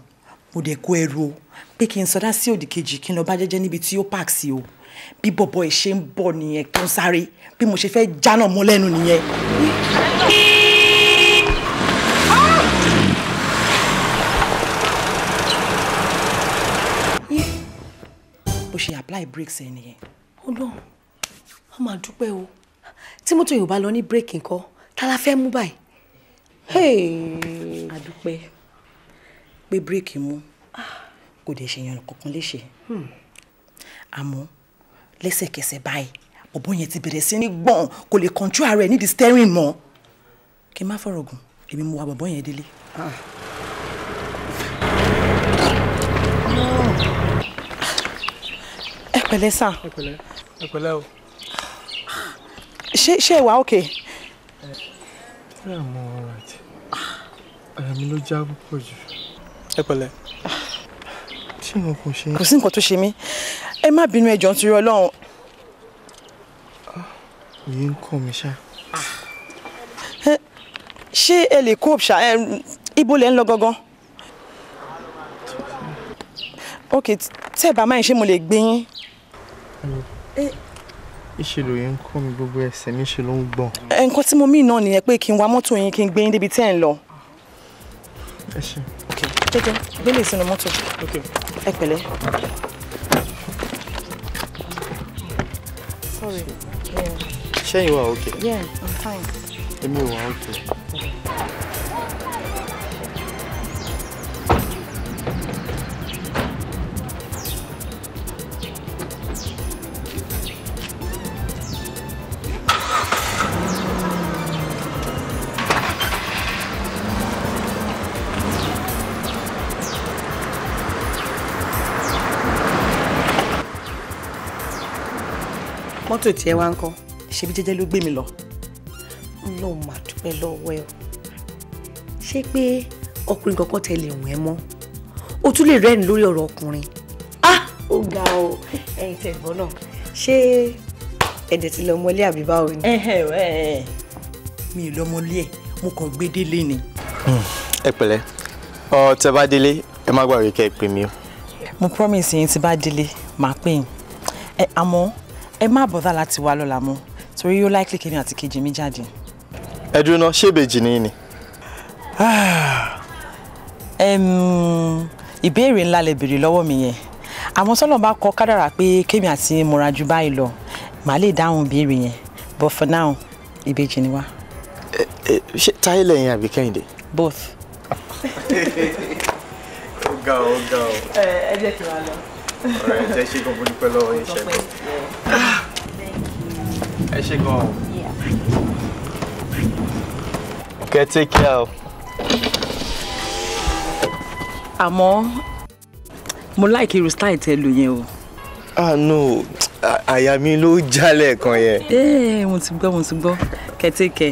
mo dẹ̀ kó ẹrù o pé kí n sọdá sí òdì kejì kí n lọ bá jẹ́jẹ́ níbi tí ó park sí o bí bọ̀bọ̀ ẹ̀ ṣe ń bọ̀ nìyẹn kí n sáré bí mo ṣe fẹ́ jáná mọ́ lẹ́nu nìyẹn. ṣe apply brakes ẹ nìyẹn. ọlọ́run a máa dúpẹ́ o tí mọ́tò yorùbá lọ ní bírèkì nǹkan tá la fẹ́ mú báyìí. a dúpẹ́ pé bírèkì mú kò dẹ̀ ṣèyàn kankan léṣe hmm. àmọ́ lẹ́sẹ̀kẹsẹ̀ báyìí ọ̀bọ̀n yẹn ti bẹ̀rẹ̀ sí ní gbọ̀n kò lè control ara ẹ̀ the steering mọ́ kí n má fọ̀rọ̀ gùn èmi mú wa bọ̀bọ̀ yẹn délé. Ah. pẹ̀lẹ́ sà. ẹ pẹ̀lẹ́ ẹ pẹ̀lẹ́ o. ṣé ṣé ìwà òkè. ṣé àmọ́ ọ̀rọ̀ àti àyà mi ló já púpọ̀ jù. ẹ pẹ̀lẹ́. ṣé wọn kò ṣe. kò sí nǹkan tó ṣe mí ẹ má bínú ẹ jọ̀ọ́ nítorí Ọlọ́run. òye ah, ń kọ́ mi ṣá. ṣé ẹ lè kó ṣá ibo lẹ ń lọ gangan. ok tẹ́ ẹ bá máa ń ṣe mo lè gbé yín ìṣe eh. lòye ń kọ́ mi gbogbo ẹsẹ̀ mi ṣe ló ń gbọ̀n. Eh, nǹkan tí mo mí náà nìyẹn pé kí n wa mọ́tò yín kí n gbé yín débi tẹ́ ẹ̀ ń lọ. ẹ ṣe. jẹjẹ gbélé sínú mọ́tò ẹ pẹ̀lẹ́. ṣé ìwà òkè. yeah i'm fine. èmi ò wà òkè. mọ́tò tiẹ̀ wá ń kọ́ ṣebí jẹ́jẹ́ ló gbé mi lọ náà mà dúpẹ́ lọ́wọ́ ẹ o ṣé pé ọkùnrin kankan tẹ̀lé òun ẹ mọ́ o tún lè rẹ́rìn lórí ọ̀rọ̀ ọkùnrin ah ó ga o ẹ̀yin tẹ̀gbọ́n náà ṣé ẹ̀dẹ̀ ti lọ mọ́lé àbí báwo ni. mi ò lọ mọ́lé ẹ̀ mo kàn gbé délé ni. Hmm, ẹ pẹ̀lẹ́ ọ tẹ bá délé ẹ má gbàgbé kẹ́ ẹ pè mí o. mo promise yín tí bá délé màá pè yín àmọ́ ẹ má bọ̀dá láti wá lọ́la mọ́ torí yóò láìkí kí ni àti kejì mi jáde. ẹ dúró náà ṣé ìbejì ni yín ni. ìbéèrè ńlá lè béèrè lọ́wọ́ mi yẹn àmọ́ sọ́nà bá kọ kádàrà pé kémi àti mọ̀ra ju báyìí lọ màá lè dáhùn ìbéèrè yẹn but for now ìbejì ni wá. ṣé táyé lẹ́yìn àbí kẹ́hìndé. both. ó ga ó ga ẹ jẹ́ kí n wá lọ ọ̀rẹ́ ẹ ṣe gan mo dúpẹ́ lọ́wọ́ yín ṣe gan ẹ ṣe gan. Okay, take care Amo. àmọ́ mo láìkí irú style tẹ lò yẹn o. ah no àyà mi ló jálẹ̀ kan yẹn. ee eh, mo ti gbọ́ mo ti gbọ́ kẹ́tẹ́kẹ́.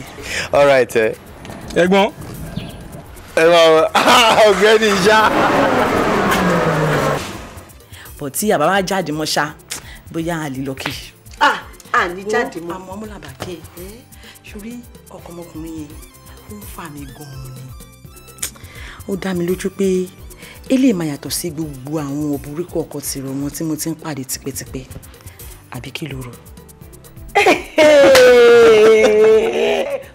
all right ẹ. Eh. ẹ̀gbọ́n. ẹ máa ọ̀gbẹ́ni ṣá but tí àbá wa jáde mọ́ ṣá bóyá a lè lọ kí. ah a ní jáde mọ́. àmọ́ múlàbà kí ẹ ṣorí ọkọ ọmọkùnrin yẹn ó ń fà mí gan-an ni. ó dá mi lójú pé eléyìí máa yàtọ̀ sí gbogbo àwọn òbúrúkọ ọkọ tìrọ wọn tí mo ti ń pàdé tipẹ́tipẹ́ àbí kí ló rò.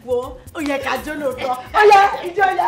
wo ó yẹ ká jó lóòótọ́ ó yẹ ìjọ yá.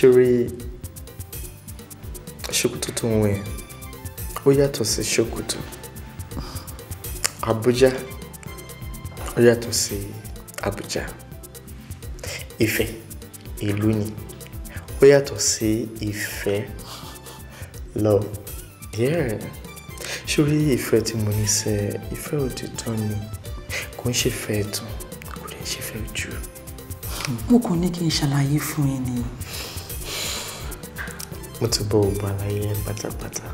ṣeré ṣòkòtò tó ń wọ yẹn ó yàtọ̀ sí ṣòkòtò Abuja ó yàtọ̀ sí Abuja Ifẹ̀ ìlú ni ó yàtọ̀ sí Ifẹ̀ love yeah ṣórí ìfẹ́ tí mo ní sẹ́ ìfẹ́ òtítọ́ ni kò ń ṣe fẹ́ ẹ̀tàn kò dẹ̀ ń ṣe fẹ́ ojú. mo kàn ní kí n ṣàlàyé fún ẹ nìyí mo ti bọ ògbà àlàyé ẹ pátápátá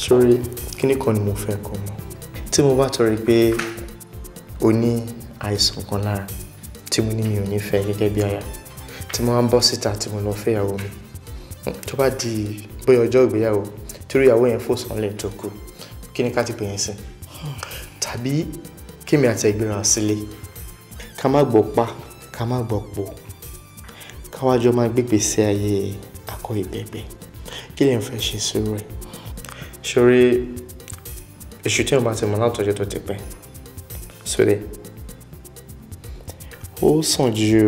sórí kíní kan ni mo fẹ́ kọ́ mọ́ tí mo bá tọrí pé o ní àìsàn kan lára tí mo ní mi ò ní fẹ́ gẹ́gẹ́ bí aya tí mo máa ń bọ́ síta tí mo lọ fẹ́ ìyàwó mi tó bá di bóyá ọjọ́ ìgbéyàwó torí ìyàwó yẹn fòsàn lè tó kù kí ni ká ti pè yẹn sí tàbí kémi àti ẹgbẹ́ràn sílé ká má gbọ́ pa ká má gbọ́ po ká wájọ gbégbèsè ayé kakọ ìbẹ̀bẹ̀ kí lè fẹ́ ṣe sírò ẹ̀. sórí èṣù tí wọn bá ti mọ látọjọ́ tó ti pẹ́ sórí ó sàn ju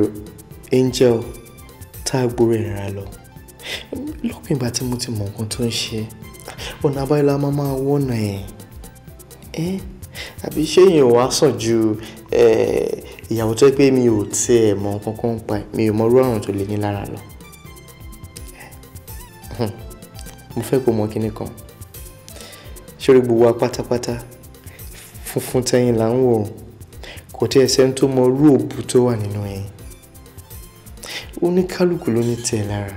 angel tá a gbóró ìrora lọ lópin ìgbà tí mo ti mọ nǹkan tó ń ṣe ọ̀nà àbáyọ la máa máa wọ́nà ẹ̀ ẹ́ àbí ṣé èèyàn wá sàn ju ìyàwó tó pé mi ò tiẹ̀ mọ nǹkan kan pa mi ò mọ irú àrùn tó lè ní lára lọ mo fẹ́ kó mọ kinní kan ṣórí gbogbo wa pátápátá funfun tẹ̀yìn là ń wò kò tí ẹsẹ̀ ń tó mọ róòbù tó wà nínú ẹ̀yìn oníkálukú ló ní tiẹ̀ lára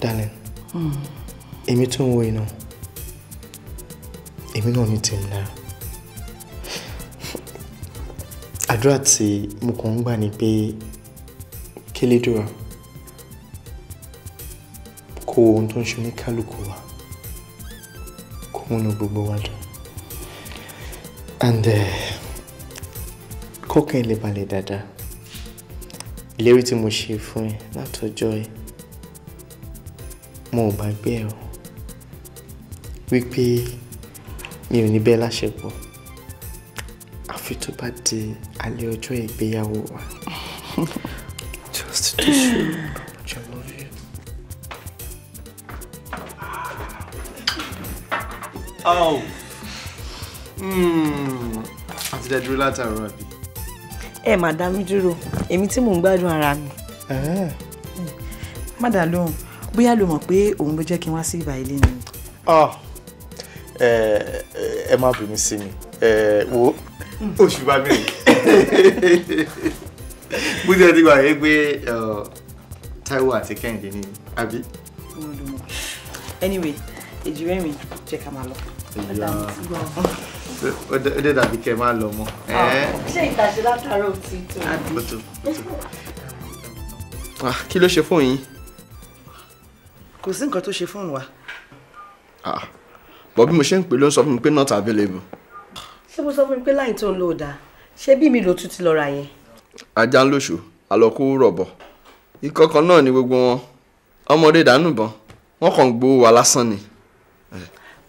darling hmm. èmi tó ń wo iná èmi náà ní tiẹ̀ lára àdúrà tí mo kàn ń gbà ni pé kélédùrà kó ohun tó ń ṣe oníkálukú wa kó múnú gbogbo wa dùn and eh, kọ́kàn ilé balẹ̀ dáadáa ìlérí tí mo ṣe fún ẹ látọjọ́ ẹ mo ò bá gbé ẹ o wípé mi ò ní bẹ́ẹ̀ láṣepọ̀ àfi tó bá di alẹ́ ọjọ́ ìgbéyàwó wa just to show. Oh. Hmm. Àti dẹ̀ dúró látàárọ̀ Abi. Ẹ má dá mi dúró, èmi tí mò ń gbádùn ara mi. Má dà lóhùn, bóyá lo mọ̀ pé òun ló jẹ́ kí n wá sí ìbà ilé ni. Ah. Ẹ má bínú sí mi, wo oṣù bá mi rìn. Bó ti ẹ ti gbà yé pé Táíwò àti Kẹ́hìndé ni, àbí? Anyway, èjì rẹ̀ mi jẹ́ ká máa lọ ó dé dàbí kẹ máa lọ mọ. ṣé ìtàṣe látàárọ̀ ti tó àbí. Uh, uh. ah, kí ló ṣe fóònù yín. kò sí nǹkan tó ṣe fóònù wa. Ah, bọ̀ bí mo ṣe ń pè ló ń sọ fún mi pé not available. ṣé mo sọ fún mi pé láì tó ń lò ó dáa ṣé bí mi ló tún ti lọ ra yẹn. ajá ń lòṣù àlọkù rọ̀bọ̀ ìkọ̀kọ̀ náà ni gbogbo wọn ọmọdé dànù bọ́n wọn kàn ń wa lásán ni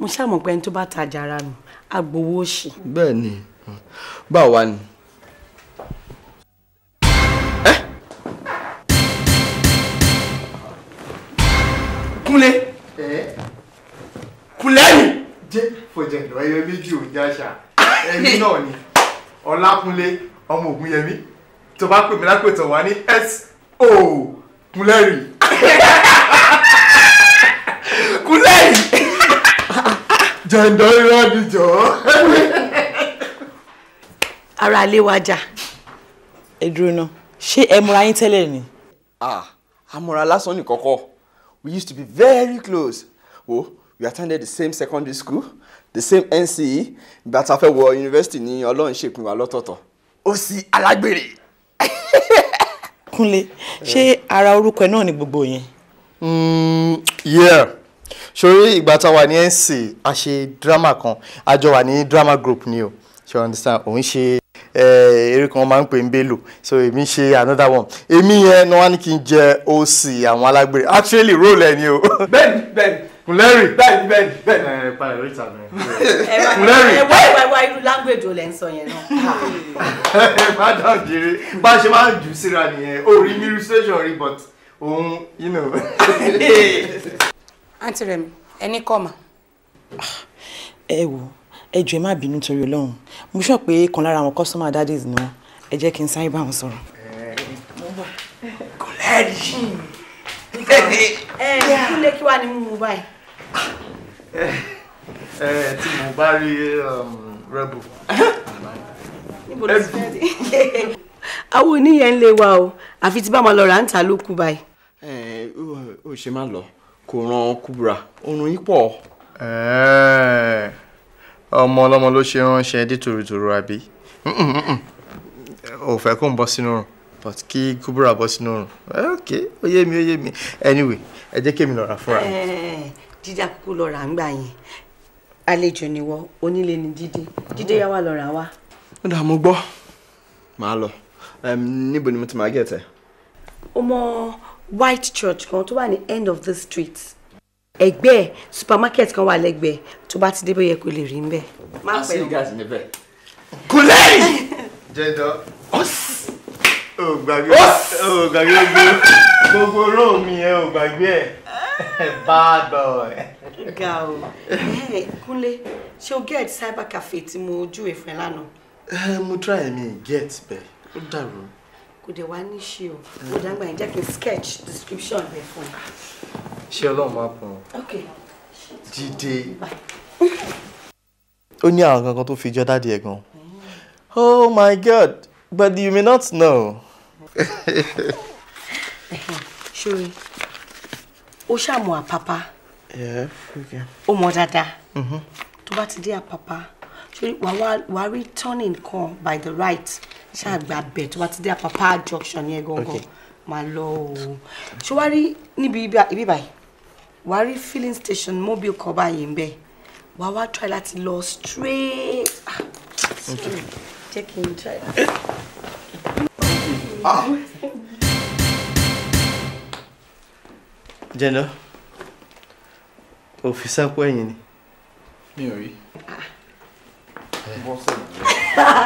mo ṣàmọ̀ pé ẹni tó bá tajà ara nù agbowó òṣì. bẹ́ẹ̀ ni báwo wá ni. kúnlé kúnlé ni. jẹ́ fọ̀jẹ̀dọ̀ ẹyọ méjì ò já ṣá ẹni náà ni ọlákúnlé ọmọ ògúnyẹmí tó bá pè mí lápètàn wá ní s o kúnlé rí. jẹ̀ǹdọ́ irọ́ dìjọ́. ara ilé wa jà. ẹ dúró náà ṣé ẹ múra yín tẹ́lẹ̀ ni. amúra ah, lásán ní kọ́kọ́ we used to be very close oh, we attended the same secondary school the same NCE ìgbà tá a fẹ́ wọ yunifásitì ní ọlọ́run ṣèpín wa lọ́tọ̀ọ̀tọ̀ ó sì alágbèrè. kúnlé ṣé ara orúkọ náà ni gbogbo yẹn. Mm, yeah ṣorí ìgbà tá a wà ní NC a ṣe drama kan a jọ wà ní drama group ni o ṣe understand òun ṣe eré kan máa ń pè ń Bello so èmi ṣe another one èmi yẹn ni wọn ní kí n jẹ OC àwọn alágbèrè actually role ẹ ni o. bẹ́ẹ̀ni bẹ́ẹ̀ni kùnlẹ́rì bẹ́ẹ̀ni bẹ́ẹ̀ni bẹ́ẹ̀ni. ẹ pa ìwé ìta mi. kùnlẹ́rì. ẹ wá ìwà ìwà irú language o lẹ ń sọ yẹn náà. má dàn jèrè bá a ṣe máa ń jù síra nìyẹn o rí mirror station rí but òun you know. àǹtí rẹ̀ mi ẹni kọ́ mà. ẹ wo ẹ jọ̀ọ́ ẹ má bínú torí Ọlọ́run mo sọ pé kan lára àwọn customer daddies ni wọn ẹ jẹ́ kí n sáré bá wọn sọ̀rọ̀. kò lẹ́ẹ̀dì. ẹ ẹ kúlé kí wàá ní mú mu báyìí. ẹ ẹ tí mo bá rí um, rẹ́bù. níbo ló ti fẹ́ẹ́ dé. àwọn oníyẹn ń lé wa o àfi tí bá máa lọ rà ń ta ló báyìí. ẹ ò ṣe máa lọ kò ran Kubra oorun yín pọ̀. ọmọ ọlọ́mọ ló ṣe ránṣẹ́ dé tòrótòró àbí ò fẹ́ kó ń bọ́ sínú oorun but kí Kubra bọ́ sínú oorun eh, ok ó mi ó mi anyway ẹ jẹ́ kémi lọ́ra fúnra mi. dídá kúkú lọ́ra ń gbà yẹn àlejò nìwọ onílé ni dídé dídé yá wà lọ́ra wa. ó dà mo gbọ́ màá lọ níbo ni mo ti máa gẹ̀ tẹ̀. ó Omo white church kan to wà ní end of the street ẹgbẹ́ supermarket kan wà Legbe. To bá ti dé bóyá kò lè rí níbẹ̀. má pẹ́ o gas níbẹ̀. kùlẹ̀. Jendo. ọ̀sì. o gbàgbé o gbàgbé gbogbo róò mi yẹn o gbàgbé bad boy. Gao. Hey, kúnlé ṣé o get cyber cafe tí mo júwe fún ẹ lánàá. Eh, mo try me get be. O dàrú kò dẹ̀ one issue, ṣe o kò dàgbà yẹn sketch description rẹ̀ fún ẹ. ṣé ọlọ́run máa pọ̀ dìde. ó ní àwọn kankan tó fi jọ dáàdi ẹ̀ gan. oh my god but you may not know. ṣòro ó ṣàmù àpápá ó mọ dáadáa mm-hmm. tó bá To dé dear papa? wàá We're returning call by the right ṣáàgbà bẹ̀ tó bá ti dé àpapá junction yẹn gangan máa lọ o ṣé wàá rí níbi ibi báyìí wàá rí filling station mobile kan báyìí ń bẹ wàá wá try láti lọ straight ah, jẹ́ kí n try. Ah. jẹ́nà ò fi ẹ̀yìn ni. mi ò rí. Ah.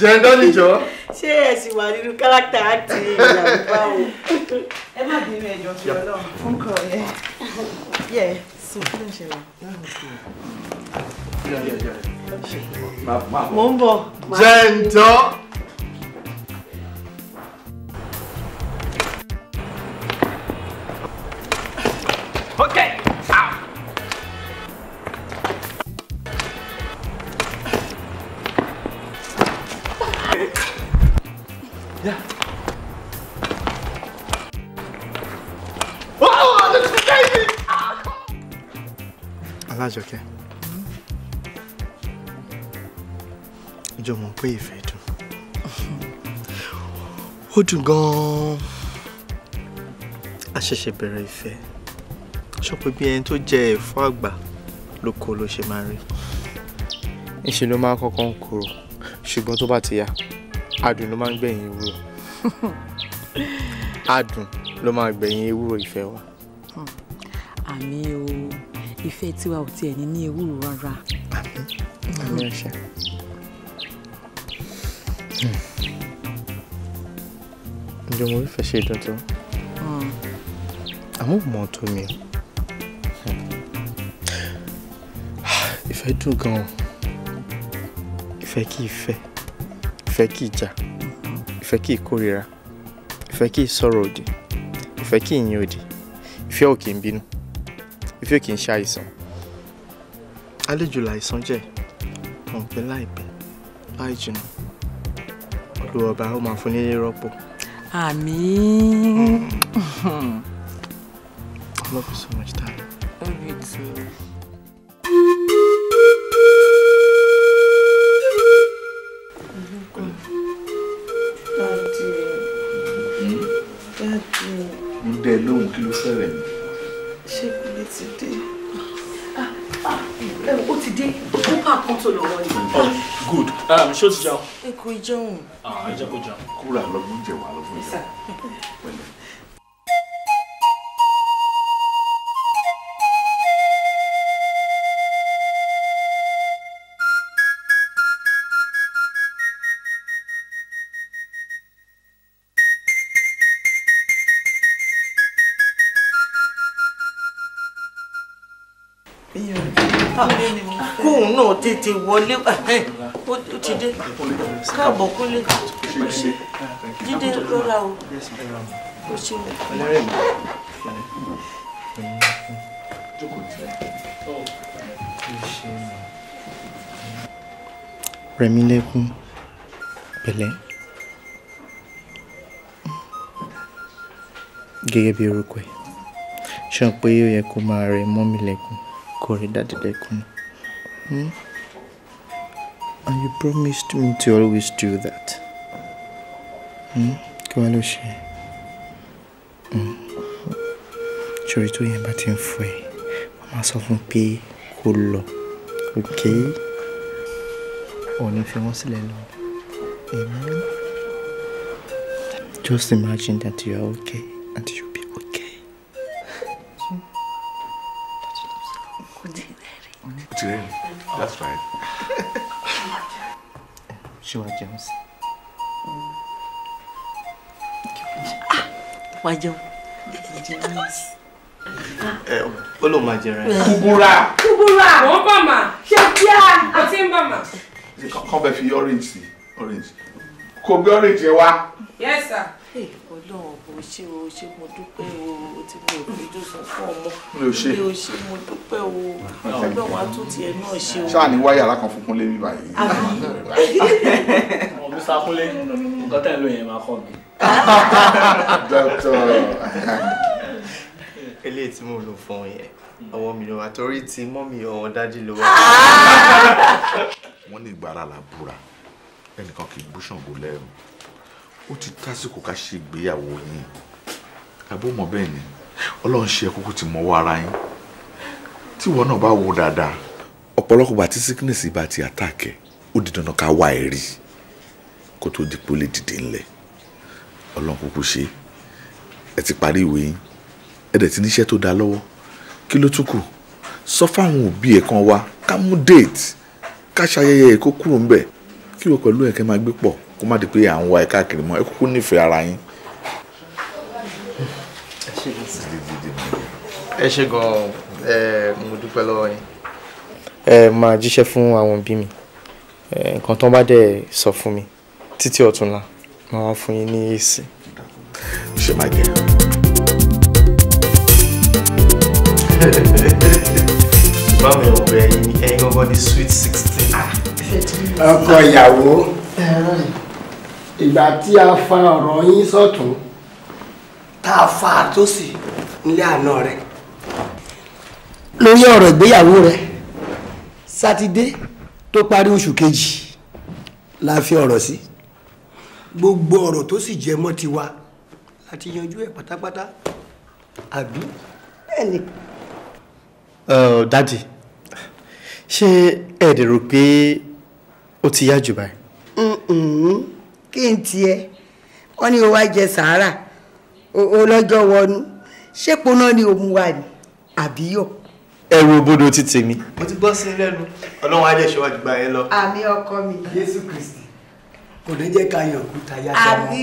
jẹ́ńdọ́ níjọ́. ṣé ẹ sì wà nínú káràkítà àti ìyàwó o. ẹ má bínú ẹjọ́ fi Ọlọ́run fún kọ yẹ yẹ sùn kí ló ń ṣe mo ń bọ̀. jẹ́ńdọ́. okay. Yeah. Oh, this is crazy! Alájọkẹ́. Jọ mọ̀ pé ìfẹ́ dùn. Ó dùn gan-an. A ṣẹ̀ṣẹ̀ bẹ̀rẹ̀ ìfẹ́. Ṣọ́pẹ́ bí ẹni tó jẹ ẹ̀fọ́ àgbà lóko ló ṣe máa rí. Ìṣèlú máa kọ́kọ́ ń ti yá adùn ló máa ń gbẹ̀yìn ewúro adùn ló máa gbẹ̀yìn ewúro ìfẹ́ wa. Hmm. àmì o ìfẹ́ tiwa ò tiẹ̀ ní ní ewúro rárá. àmì àmì ọ̀sẹ̀. Hmm. ǹjẹ́ mo rí fẹ́ ṣe dandan hmm. àmúhùnmọ́ tó mi o ìfẹ́ dùn gan-an ìfẹ́ kì í fẹ́ ìfẹ́ kì í jà ìfẹ́ kì í kórìíra ìfẹ́ kì í sọ̀rọ̀ òdì ìfẹ́ kì í yin òdì ìfẹ́ ò kì í bínú ìfẹ́ ò kì í ṣe àìsàn. àlejò làìsàn jẹ́ ọ̀npẹ láìpẹ́ láì jìnnà olùwọ̀ba ó máa fún nílé rọ́pò. àmín. Mm. love you so much, darling. Love you too. 啊，小辣椒，哎，贵州，啊，辣椒，辣椒，过来，来，过 来，来，tètè wọlé ó ti dé káàbọ̀ kúlé dídé lọ́la o ó ṣe wọ. rẹ̀mí lẹ́kún pẹ̀lẹ́ gẹ́gẹ́ bí orúkọ ẹ̀ ṣe pé ó yẹ kó máa rẹ̀ mọ́mí lẹ́kún kó rẹ̀ dáadé lẹ́kún. Mm-hmm. And you promised me to always do that. Hmm? Kowaloshe. Hmm. tó yẹn bá ti ń fọ ẹ̀, wọ́n Ok? Òní fi wọ́n lelo. Amen. Just imagine that you are okay and you'll be okay. That's right. ṣé wàá jẹun sí. wàá jẹun. ẹ ó lóun máa jẹ rice. kúbúrà. kúbúrà. mò ń bà mà. ṣé kíá. mo ti ń bà mà. kàn bẹ fi orange sí orange kò gbé orange yẹn eh, wá. yes sir o ṣe o ṣe mo dúpẹ́ o tí mi ò fojú sunkún ọmọ mi ò ṣe mi ò ṣe mo dúpẹ́ o ọlọ́run á tún tiẹ̀ náà ṣe o. ṣáà ní wáyà alákan fún kúnlé bíbá yìí. ọmọ mi eléyìí mo lò fún yẹn ọwọ́ mi ló wà torí ti mọ́mì ọ̀hún dájú ló wà. wọ́n ní ìgbàrà làbúrà ẹnìkan kì í bú ṣàǹgó ó ti tásìkò ká ṣe ìgbéyàwó yín àbó mọ̀ bẹ́ẹ̀ ni ọlọ́run ṣe kúkú ti mọ́wọ́ ara yín tíwọ náà bá wo dáadáa. ọ̀pọ̀lọpọ̀ bá tí sickness bá ti àtàkẹ́ ó di dandan ká wá ẹ̀rí kó tó dípò lè dìde ńlẹ̀ ọlọ́run kúkú ṣe ẹ ti parí ìwé yín ẹ dẹ̀ ti níṣẹ́ tó dáa lọ́wọ́ kí ló tún kù sọ fáwọn òbí ẹ̀ kan wá ká mú déètì ká ṣayẹyẹ ẹ̀ kó kí wọ́n pẹ̀lú ẹ̀ máa gbé pọ̀ kó má di pé à ń wá ẹ káàkiri mọ́ ẹ kúkú nífẹ̀ẹ́ ara yín. ẹ ṣe gan-an ẹ mo dúpẹ́ lọ́wọ́ yín. ẹ máa jíṣẹ́ fún àwọn òbí mi nǹkan tó bá dẹ̀ sọ fún mi títí ọ̀túnla máa wá fún yín ní èsì. ṣe máa jẹ. báwo ni ọ̀bẹ ẹ̀yin gbọ́ngàn ní sweet sixteen. ọkọ ìyàwó ìgbà tí a fa ọ̀rọ̀ yín sọ́tún tá a fa àtòsí nílé àná rẹ lórí ọ̀rọ̀ ìgbéyàwó rẹ sátidé tó parí oṣù kejì la fi ọ̀rọ̀ sí gbogbo ọ̀rọ̀ tó sì jẹ mọ́ tiwa láti yanjú ẹ̀ pátápátá àbí bẹ́ẹ̀ ni. dadi ṣé ẹ̀ẹ́dẹ̀ rò pé ó ti yá jù báyìí kí n tiẹ̀ wọ́n ní o wá jẹ sàárà olọ́jọ́ wọnú ṣé poná ni o mú wa ni àbíyọ̀. ẹ wo bodò ti tèmi. mo ti gbọ́ sí lẹ́nu ọlọ́run á jẹ́ ṣọwọ́ àdúgbò yẹn lọ. àmì ọkọ mi. Jésù Kristi kò ní jẹ́ ká yàn kúta yá jọ mọ́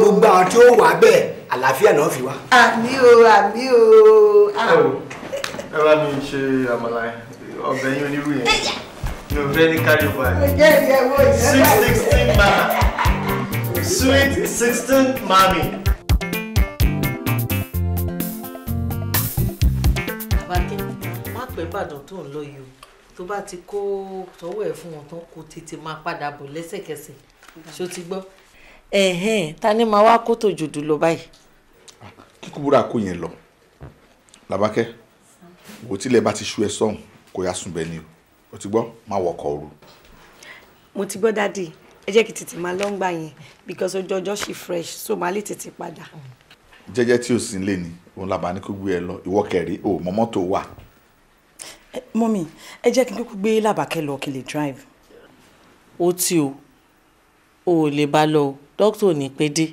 gbogbo àwọn tí ó wà bẹ́ẹ̀ àlàáfíà náà fi wá. àmì o àmì o. ẹ wo ẹ bá mi ṣe àmàlà ọbẹ̀ yín onírú yẹn yóò fẹ́ ní kárí ọba yẹn six sixteen man. Sweet sixteen, Mommy. Àbádé, má pẹ́ Ìbàdàn tó ń lọ yìí o. Tó bá ti kó tọwọ́ ẹ̀ fún wọn tán kó tètè máa padà bọ̀ lẹ́sẹ̀kẹsẹ̀. Ṣé o ti gbọ́? Ẹ̀hẹ́n, ta ni máa wá kó tòjòdù lọ báyìí? Kíkú búra kó yẹn lọ. Làbákẹ́, wò tílẹ̀ bá ti ṣú ẹ sọ́hùn kó yá sùn ni o. O ti gbọ́? Má wọkọ̀ ooru. Mo ti gbọ́ dádì ẹ jẹ́ kí tètè máa lọ yẹn because ojú ọjọ́ ṣì fresh so máa lè tètè padà. jẹ́jẹ́ tí o sì ń lè ní òun làbá ní kó gbé ẹ lọ ìwọ kẹrí o mọ mọ́tò wà. mọ́mí ẹ jẹ́ kí n kúkú gbé làbákẹ́ lọ kí lè drive. ó ti o o ò lè bá lọ o dókítà ò ní pé dé.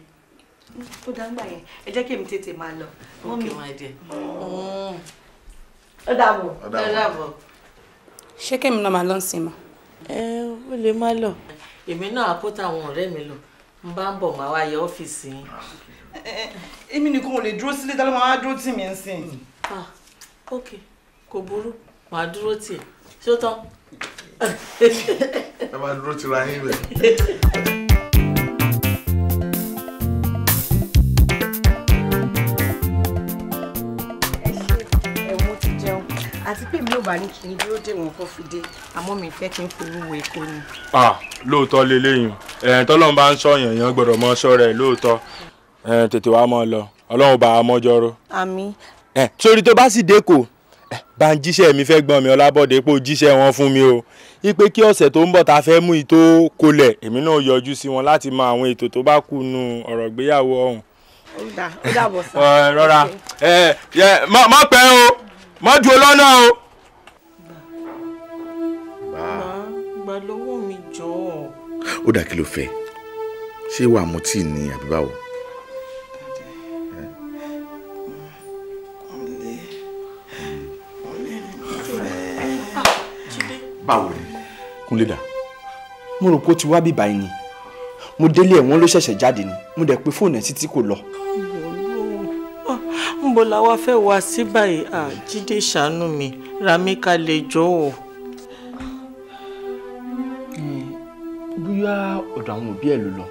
ó dá ńgbà yẹn ẹ jẹ́ kí èmi tètè máa lọ mọ́mí ó dàbọ̀ ó dàbọ̀. ṣé kẹ́mi náà máa lọ sí i mọ́. ẹ ó lè má lọ èmi náà kó táwọn ọ̀rẹ́ mi lọ n bá ń bọ̀ máa wá yẹ ọ́fíìsì yín. èmi nìkan ò lè dúró sílé tá máa wá dúró tì mí nsìn. Ah, ok kò burú màá dúró tì ẹ ṣó tán. ẹ máa dúró tira yín bẹ́ẹ̀. bá ní kí n dúró dé wọn kó fi dé àmọ́ mi fẹ́ kí n forú wo èkó ni. lóòótọ́ leléyìn ẹ̀ẹ́n tọ́lọ́run bá ń sọ̀yàn èèyàn gbọ́dọ̀ mọ sọ́rẹ̀ lóòótọ́ ẹ̀ẹ́n tètè wá mọ́ lọ ọlọ́run bá a mọ́jọ́rọ́. àmín. ẹ sórí tó bá sì dẹ́kọ̀ bá ń jíṣẹ́ mi fẹ́ gbọ́n mi ọlábọ̀dé pé ó jíṣẹ́ wọn fún mi o ipe kí ọ̀sẹ̀ tó ń bọ̀ ta fẹ́ mú ìtó kolẹ̀ èmi náà yọjú sí wọn láti mọ àwọn ètò tó bá kù nu ọ̀rọ̀ ìgbéyàwó ọ̀hún rọra má pẹ́ o má dúró lọ́nà o gbà lọ́wọ́ mi jọ̀ọ́. ó dà kí ló fẹ́ ṣé wàá mu tíì ní àbí báwo. báwo ni kúnlé dà. mo rò pé ó ti wá bíbá yìí ni mo délé ẹ̀ wọ́n ló ṣẹ̀ṣẹ̀ jáde ni mo dẹ̀ pe fóònù ẹ̀ títí kò lọ. ń bọ̀ la fẹ́ wá sí báyìí Jídé ṣàánú mi rà mí kalẹ̀ jọ̀ọ́. bóyá ọ̀dọ̀ àwọn òbí ẹ̀ ló lọ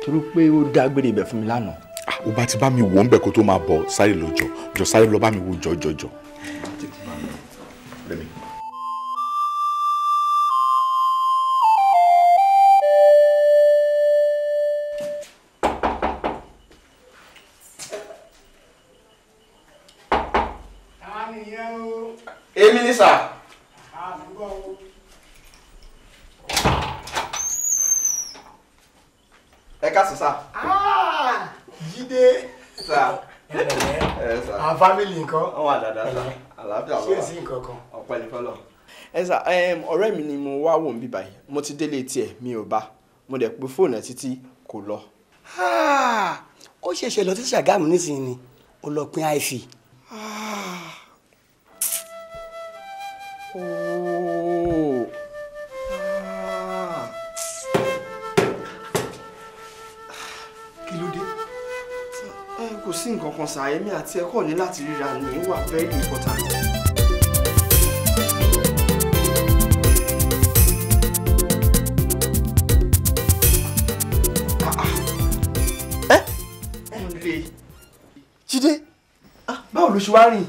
torí pé ó dágbére ibẹ̀ fún mi lánàá. Ah, ó bá ti bá mi wò ó ń bẹ̀ kó tó máa bọ̀ sáré lọ jọ sáré lọ bá mi wò jọ jọ jọ. èmi ni sà. káàsán sá. Ah, jíde. sá ẹ sá. àwọn fámìlì nǹkan. wọn wà dáadáa sá àlàáfíà lọ wa ṣé èsì nǹkan kan. ọpẹ́ ní fọlọ. ẹ sá ọ̀rẹ́ mi ni mo wá wò ń bí báyìí mo ti délé tiẹ̀ mi ò bá mo dẹ̀ pe fóònù ẹ̀ títí kò lọ. Ah, ó ṣẹ̀ṣẹ̀ lọ sí Ṣàgámù nísìnyí ni ó lọ pín àìfì. kan ṣàyẹ̀mí àti ẹ̀kọ́ ní láti ríra ní wà very important. jíde ah, báwo ló ṣe wá rìn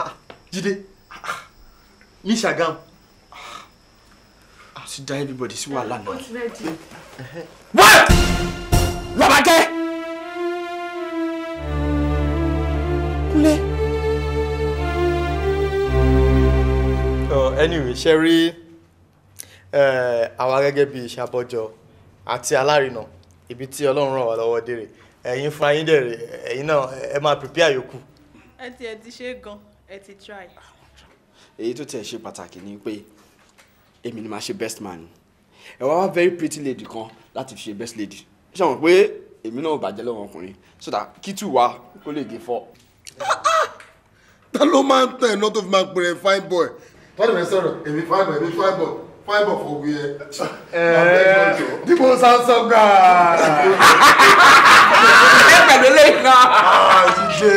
ah, jíde ní Ṣàgámù ah, ti dá everybody sí wàhálà náà. What? Lọ́bàkẹ́. anyway ṣe rí àwa gẹ́gẹ́ bí ìṣàbọ̀jọ àti alárinà ibi tí ọlọ́run ràn wá lọ́wọ́ dèrè ẹ̀yin fún ayé dèrè ẹ̀yin náà ẹ máa prepare yòókù. ẹ ti ẹ ti ṣe é gan ẹ ti try. èyí tó tiẹ̀ ṣe pàtàkì ni pé èmi ni màá ṣe best man ẹ wá wá very pretty lady kan láti fi ṣe best lady ṣe wọn pé èmi náà ò bàjẹ́ lọ́wọ́ ọkùnrin so that kìtù wa kó lè gé fọ́. ta ló máa ń tẹ̀ ẹ́ náà tó fi máa pèrè fine boy tọ́lù mi sọ̀rọ̀ èmi fáìbọ̀ èmi fáìbọ̀ fáìbọ̀ fò wí ẹ. dípò sánsọ gbàà. ẹ pẹ̀lú lẹ́yìn náà. ṣe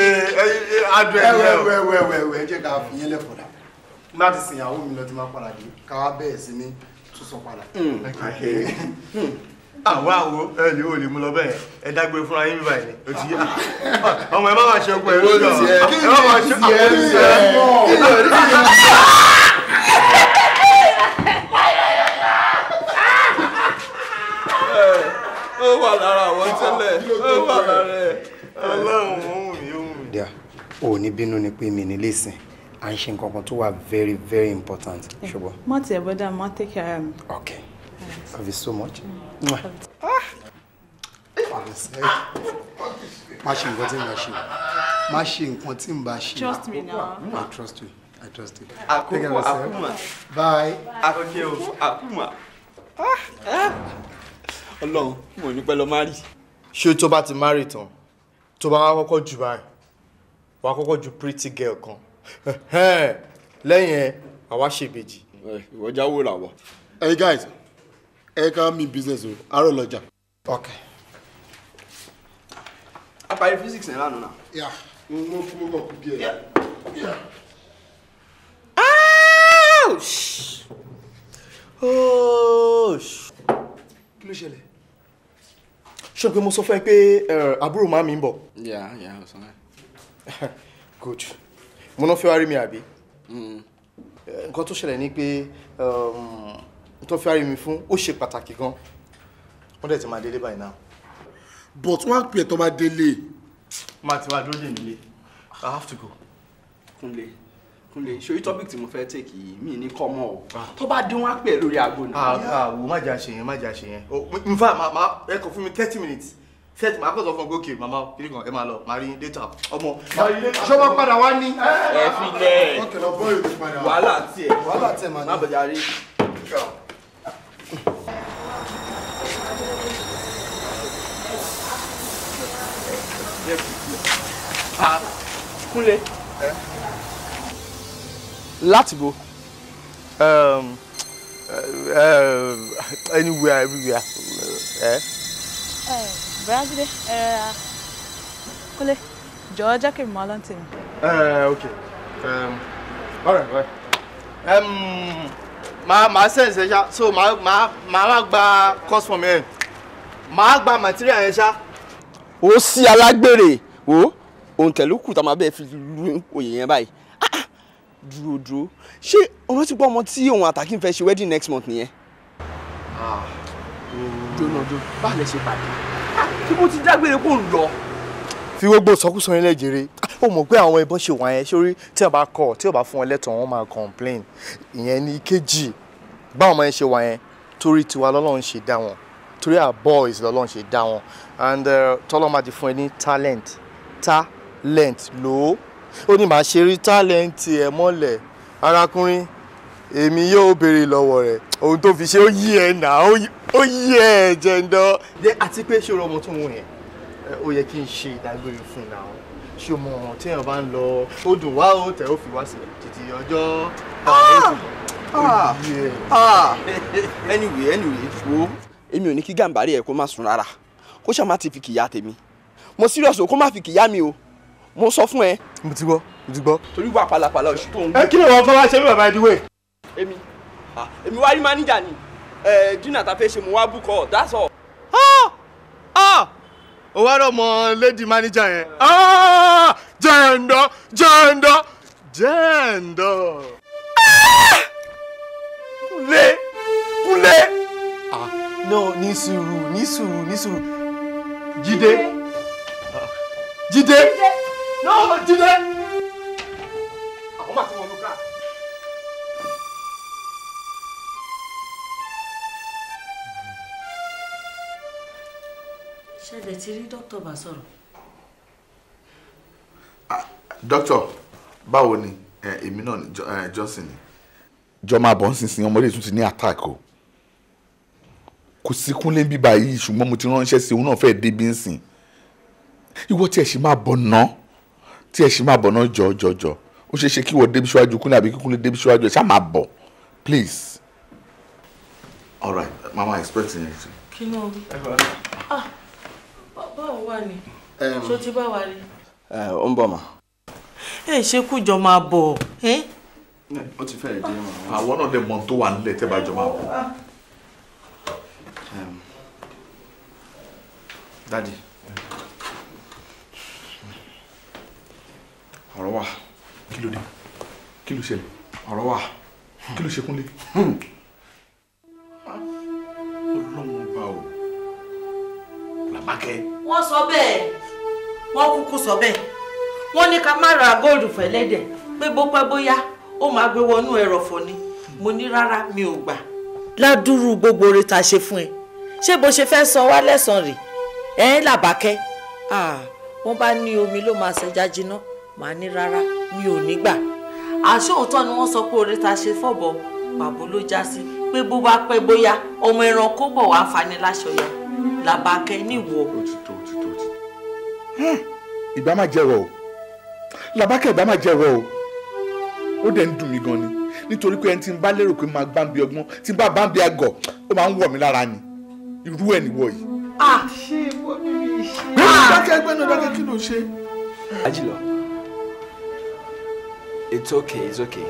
adùn ẹ̀ wẹ́wẹ́wẹ́wẹ́ jẹ́ ká fi yẹn lẹ́fọ̀ọ́ dà láti sin ìyàwó mi lọ ti máa padà dé káwá bẹ́ẹ̀ sí ní túnṣọ padà. àwa àwo ẹ ní òòlì mú lọ bẹ́ẹ̀ ẹ dágbé fúnra yín báyìí ni ó ti yá ọmọ ẹ má máa ṣe ọkọ ẹ lóòótọ́ ẹ má máa ṣe ọkọ ẹ lóòótọ́. ó wà lára àwọn tẹ́lẹ̀ ó wà lára ẹ̀ ọlọ́run ohun mi ohun mi. díà ò ní bínú ni pé mi ní lè sìn à ń ṣe nǹkan kan tó wà very very important eh, ṣùgbọ́n. má tiẹ̀ bọ́dà má take care of me. ok love you so much. Mm. Ah! má ṣe nǹkan tí n bá ṣe má ṣe nǹkan tí n bá ṣe. trust me now. i trust you i trust you. akuma akuma. bye. akuma akuma. ah ah. Ọlọ́run mo ní pẹ́ lọ má rí. ṣé tó bá ti márì tán tó bá wá kọ́kọ́ jù báyìí wá kọ́kọ́ ju pretty girl kan lẹ́yìn ẹ̀ àwa ṣèbejì. ìwọ jáwó ra wọ. hey guys ẹ ká mi business o àárọ̀ lọ́jà. ok. a physics yẹn lánàá. yà mo fún mo kọ kú díẹ̀. ouch ouch. kí ló ṣẹlẹ̀ ṣé pé mo sọ fún ẹ pé àbúrò máa mi ń bọ̀. yà yà ó sọ náà. good mo náà fẹ́ wá rí mi àbí. Mm. nǹkan tó ṣẹlẹ̀ ni pé um, tó fẹ́ wá rí mi fún ó ṣe pàtàkì gan wọ́n dẹ̀ ti máa délé báyìí náà. but wọ́n á pè é tó máa délé. máa ti wá dúró dè nílé i have to go. kúnlé kúnlẹ̀ ṣòrí topic tí mo fẹ́ take yìí mi ní kọ́ mọ́ o ah. tó bá dín wá pẹ̀ lórí aago ni. àwò ah, ah, má jà ṣe yẹn má jà ṣe yẹn oh, in fact ma ma ẹ kọ fún mi thirty minutes set ma kọsọ fún gòkè mama kiri kan ẹ máa lọ máa rí ní data ọmọ. ṣọwọ́ padà wá ní. ẹ fi lẹ wàhálà tiẹ̀ wàhálà tiẹ̀ mà ní. má bàjá rí. Kúnlẹ̀ láti bo um, uh, uh anywhere everywhere. Uh, eh? ẹ brazil ẹ kúlẹ̀ jọ̀ọ́ jẹ́ kí n mọ ọlọ́ntì mi. ok um, all right, all right. Um, màá màá send ẹ ṣá so màá màá màá gba course form yẹn màá gba material yẹn ṣá. ó sí alágbèrè wo òǹtẹ̀lókù tá a máa bẹ́ẹ̀ fi lu oyè yẹn báyìí dúró dúró ṣé ọ̀rọ̀ ti gbọ́ ọmọ tí òun àtàkì ń fẹ́ ṣe wedding next month nìyẹn. Ah, jóná jó báà lè ṣe pàdé ah, kí mo ti dágbére kó ń lọ. fi gbogbo sọkúsọ yẹn lẹ́jẹ̀rẹ́ ó ah, mọ̀ pé àwọn ẹbọn ṣe wà yẹn sórí tí o bá kọ̀ tí o bá fún wọn lẹ́tọ̀ọ́ wọn máa complain ìyẹn ní kejì báwọn máa ń ṣe wà yẹn torí tiwa lọ́lọ́run ṣe dá wọn torí our boys lọ́lọ́run ṣe dá wọn and eh, tọ́lọ́ máa ti fún ẹ ní talent talent lò ó ní màá ṣe rí tálẹ́ǹtì ẹ̀ mọ́lẹ̀ arákùnrin èmi yóò béèrè lọ́wọ́ rẹ̀ ohun tó fi ṣe ó yí ẹ nà ó yí ẹ jẹ̀ndọ́. àti pé ṣòro ọmọ tó wọ̀ yẹn ó yẹ kí n ṣe ìdágbére fún un náà ṣe mọ ọ̀hún tí èèyàn bá ń lọ odò wá ó tẹ̀ ó fi wá sílẹ̀ títí ọjọ́ ah! Ah! Ah! anyway anyway wo èmi ò ní kí gàǹbàrí ẹ kó má sùn rárá kó ṣáà má ti fi kìyà serious o kó má fi mo sọ fún ẹ. mo ti gbọ́ mo ti gbọ́. torí wà pàlàpàlà oṣù tó ń gbé. ẹ kí ni wọn fọwọ́ ṣe bí bàbá ìdíwé. èmi ah, èmi wá rí máníjà ni dínà tá a fẹ́ ṣe mo wá búkọ that's all. o ah! ah! wá rọ ọmọ lady manager yẹn jẹ́ǹdọ́ jẹ́ǹdọ́ jẹ́ǹdọ́. kúlẹ̀ kúlẹ̀. no ní sùúrù ní sùúrù ní sùúrù jíde jíde. jíde náà jíde àwọn máa no wọnú káà. ṣẹlẹ̀ ti rí dókítà bá sọ̀rọ̀. Ah, dókítà báwo ni èmi náà Johnson ni. jọ máa bọ̀ ń sinsin ọmọdé tún ti ní attack o kò sí kúnlé bíbá yìí ṣùgbọ́n mo ti ránṣẹ́ sí òun náà fẹ́ẹ́ débi ń tí ẹ ṣì máa bọ̀ náà jọ jọ jọ ó ṣeé ṣe kí wọ́n débi síwájú kúnlẹ̀ àbí kíkúnlẹ̀ débi síwájú ẹ̀ ṣá máa bọ̀ please. all right mama expect yẹn. kí ló ah báwo wà ní. ṣó ti bá wa rí. ó ń bọ̀ mà. ẹ ṣe kújọ máa bọ̀ ẹ́. ó ti fẹ́ẹ̀ dé wọn. àwọn náà lè mọ tó wà nílẹ̀ tẹ́ bá jọ máa bọ̀. dadi. ọ̀rọ̀ wà kí ló dé kí ló ṣẹlẹ̀ ọ̀rọ̀ wà kí ló ṣe kúnlé. Hmm. Ah, ọlọ́run bá o làbákẹ́. wọ́n sọ bẹ́ẹ̀ wọ́n kúkú sọ bẹ́ẹ̀ wọ́n ní ká má ra góòlù fẹ́lẹ́dẹ̀ pé bó pẹ́ bóyá ó máa gbé wọnú ẹrọ̀fọ̀ ni mo ní rárá mi ò gbà. ládùúrú gbogbo oore tá ṣe fún ẹ ṣé bó ṣe fẹ́ san wá lẹ́sàn-án rè é làbákẹ́ ah, wọ́n bá ní omi ló máa ṣẹja jiná màá ní rárá mi ò ní gbà àṣé òótọ́ ni wọ́n sọ pé oore ta ṣe fọ́bọ̀ pàbó ló já sí pé bó bá pẹ́ bóyá ọmọ ẹranko bọ̀ wá fani láṣọ ya làbákẹ́ níwọ̀. òtítọ́ òtítọ́ òtítọ́ ìgbà máa jẹ̀rọ̀ o làbákẹ́ ìgbà máa jẹ̀rọ̀ o ó dẹ̀ ń dùn mí gan ni nítorí pé ẹni tí ń bá lérò pé máa gbáǹbi ọgbọ́n tí ń bá gbáǹbi àgọ̀ ó máa ń wọ̀ mí lára ni irú ẹ̀ nìwọ yìí. àṣé ah! ìwọ mi rí i ṣe. dákẹ́ ẹgbẹ́ náà dákẹ́ kí ló ṣe. ajílọ it's okay it's okay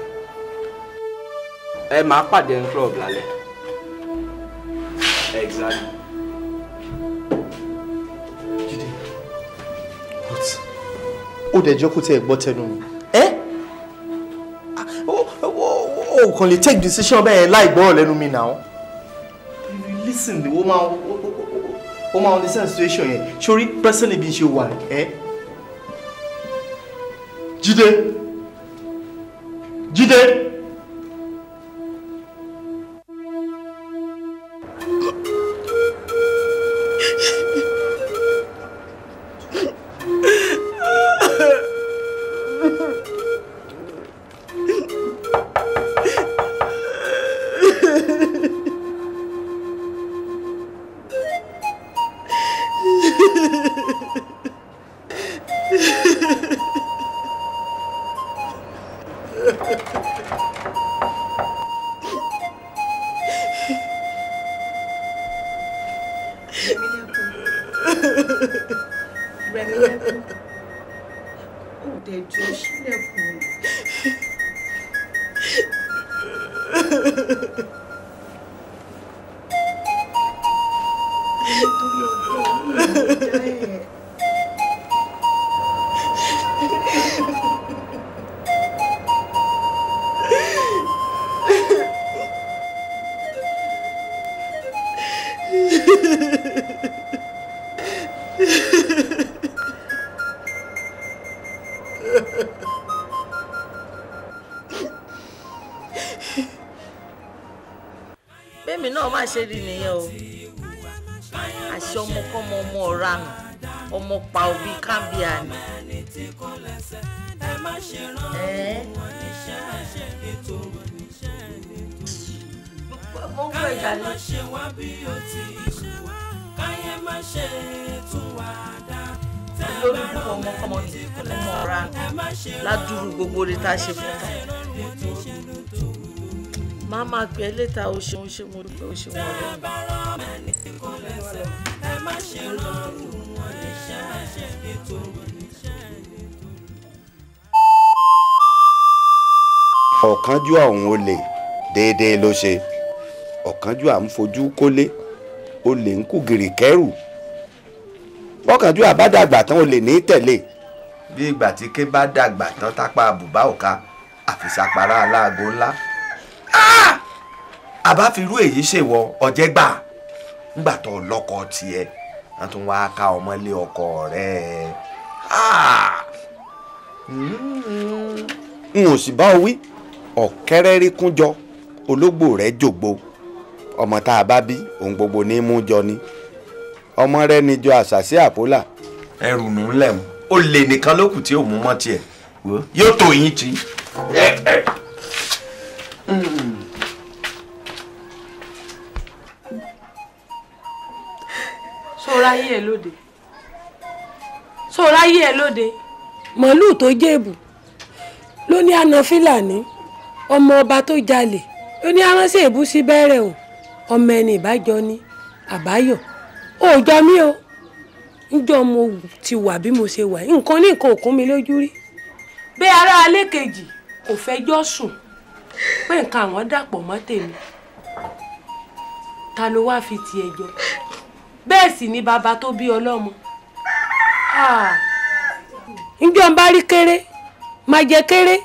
ẹ máa pàdé ní club lálẹ́ exactly. Jídé what ó dẹ̀ jọ́ kó tẹ́ ẹ gbọ́ tẹnu mi. ẹ o kàn lè take decision bẹ́ẹ̀ láì gbọ́rọ̀ lẹ́nu mi náà. listen wo máa wo máa understand situation yẹn sórí personally bí n ṣe wà ẹ. Jídé. Jide. pè é létà o ṣeun ṣe mo dúpẹ́ o ṣeun ọ̀rẹ́ mi. ẹ má ṣe rọrùn wọn níṣẹ́ má ṣe ètò ọ̀kánjúà òun olè déédéé ló ṣe ọ̀kánjúà ń fojú kólé olè ń kú gìrì kẹ́rù ọ̀kánjúà bá dàgbà tán olè ní tẹ̀lé bí ìgbà tí ké bá dàgbà tán tápá àbùbá òka àfìsàpàrà aláàgó ńlá. Ah! àbáfirú èyí ṣèwọ ọjẹ gbà ńgbà tó lọkọ tiẹ wọn tún wá ká ọmọlé ọkọ rẹ ah! hmm. n ò sì bá ọ wí ọ̀kẹ́rẹ́ rí kúnjọ ológbò rẹ̀ jògbó ọmọ tá a bá bí ohun gbogbo ní mú jọ ni ọmọ rẹ ni jọ àṣàṣe àpólà. ẹrù nù ń lẹ̀ mú ó lè nìkan lókùn tí ò mú mọ́ tiẹ̀ yóò tó yín ti. ráyé ẹ lóde so ráyé ẹ lóde. màálù tó jèbù ló ní àna fílàní ọmọ ọba tó jalè ló ní aránṣẹ́ èbú sí bẹ̀rẹ̀ o ọmọ ẹni ìbájọ ni àbáyọ òòjọ mi o níjọ mo ti wà bí mo ṣe wà nǹkan ní nǹkan ò kún mi lójú rí. bí ará alé kejì kò fẹjọ́ sùn pé nǹkan àwọn dàpọ̀ mọ́ tèmi ta ló wáá fi tiẹ̀ jọ bẹ́ẹ̀ sì ni bàbá tó bí ọlọ́mọ ǹjọ́ ah. ń bá rí kéré máa jẹ kéré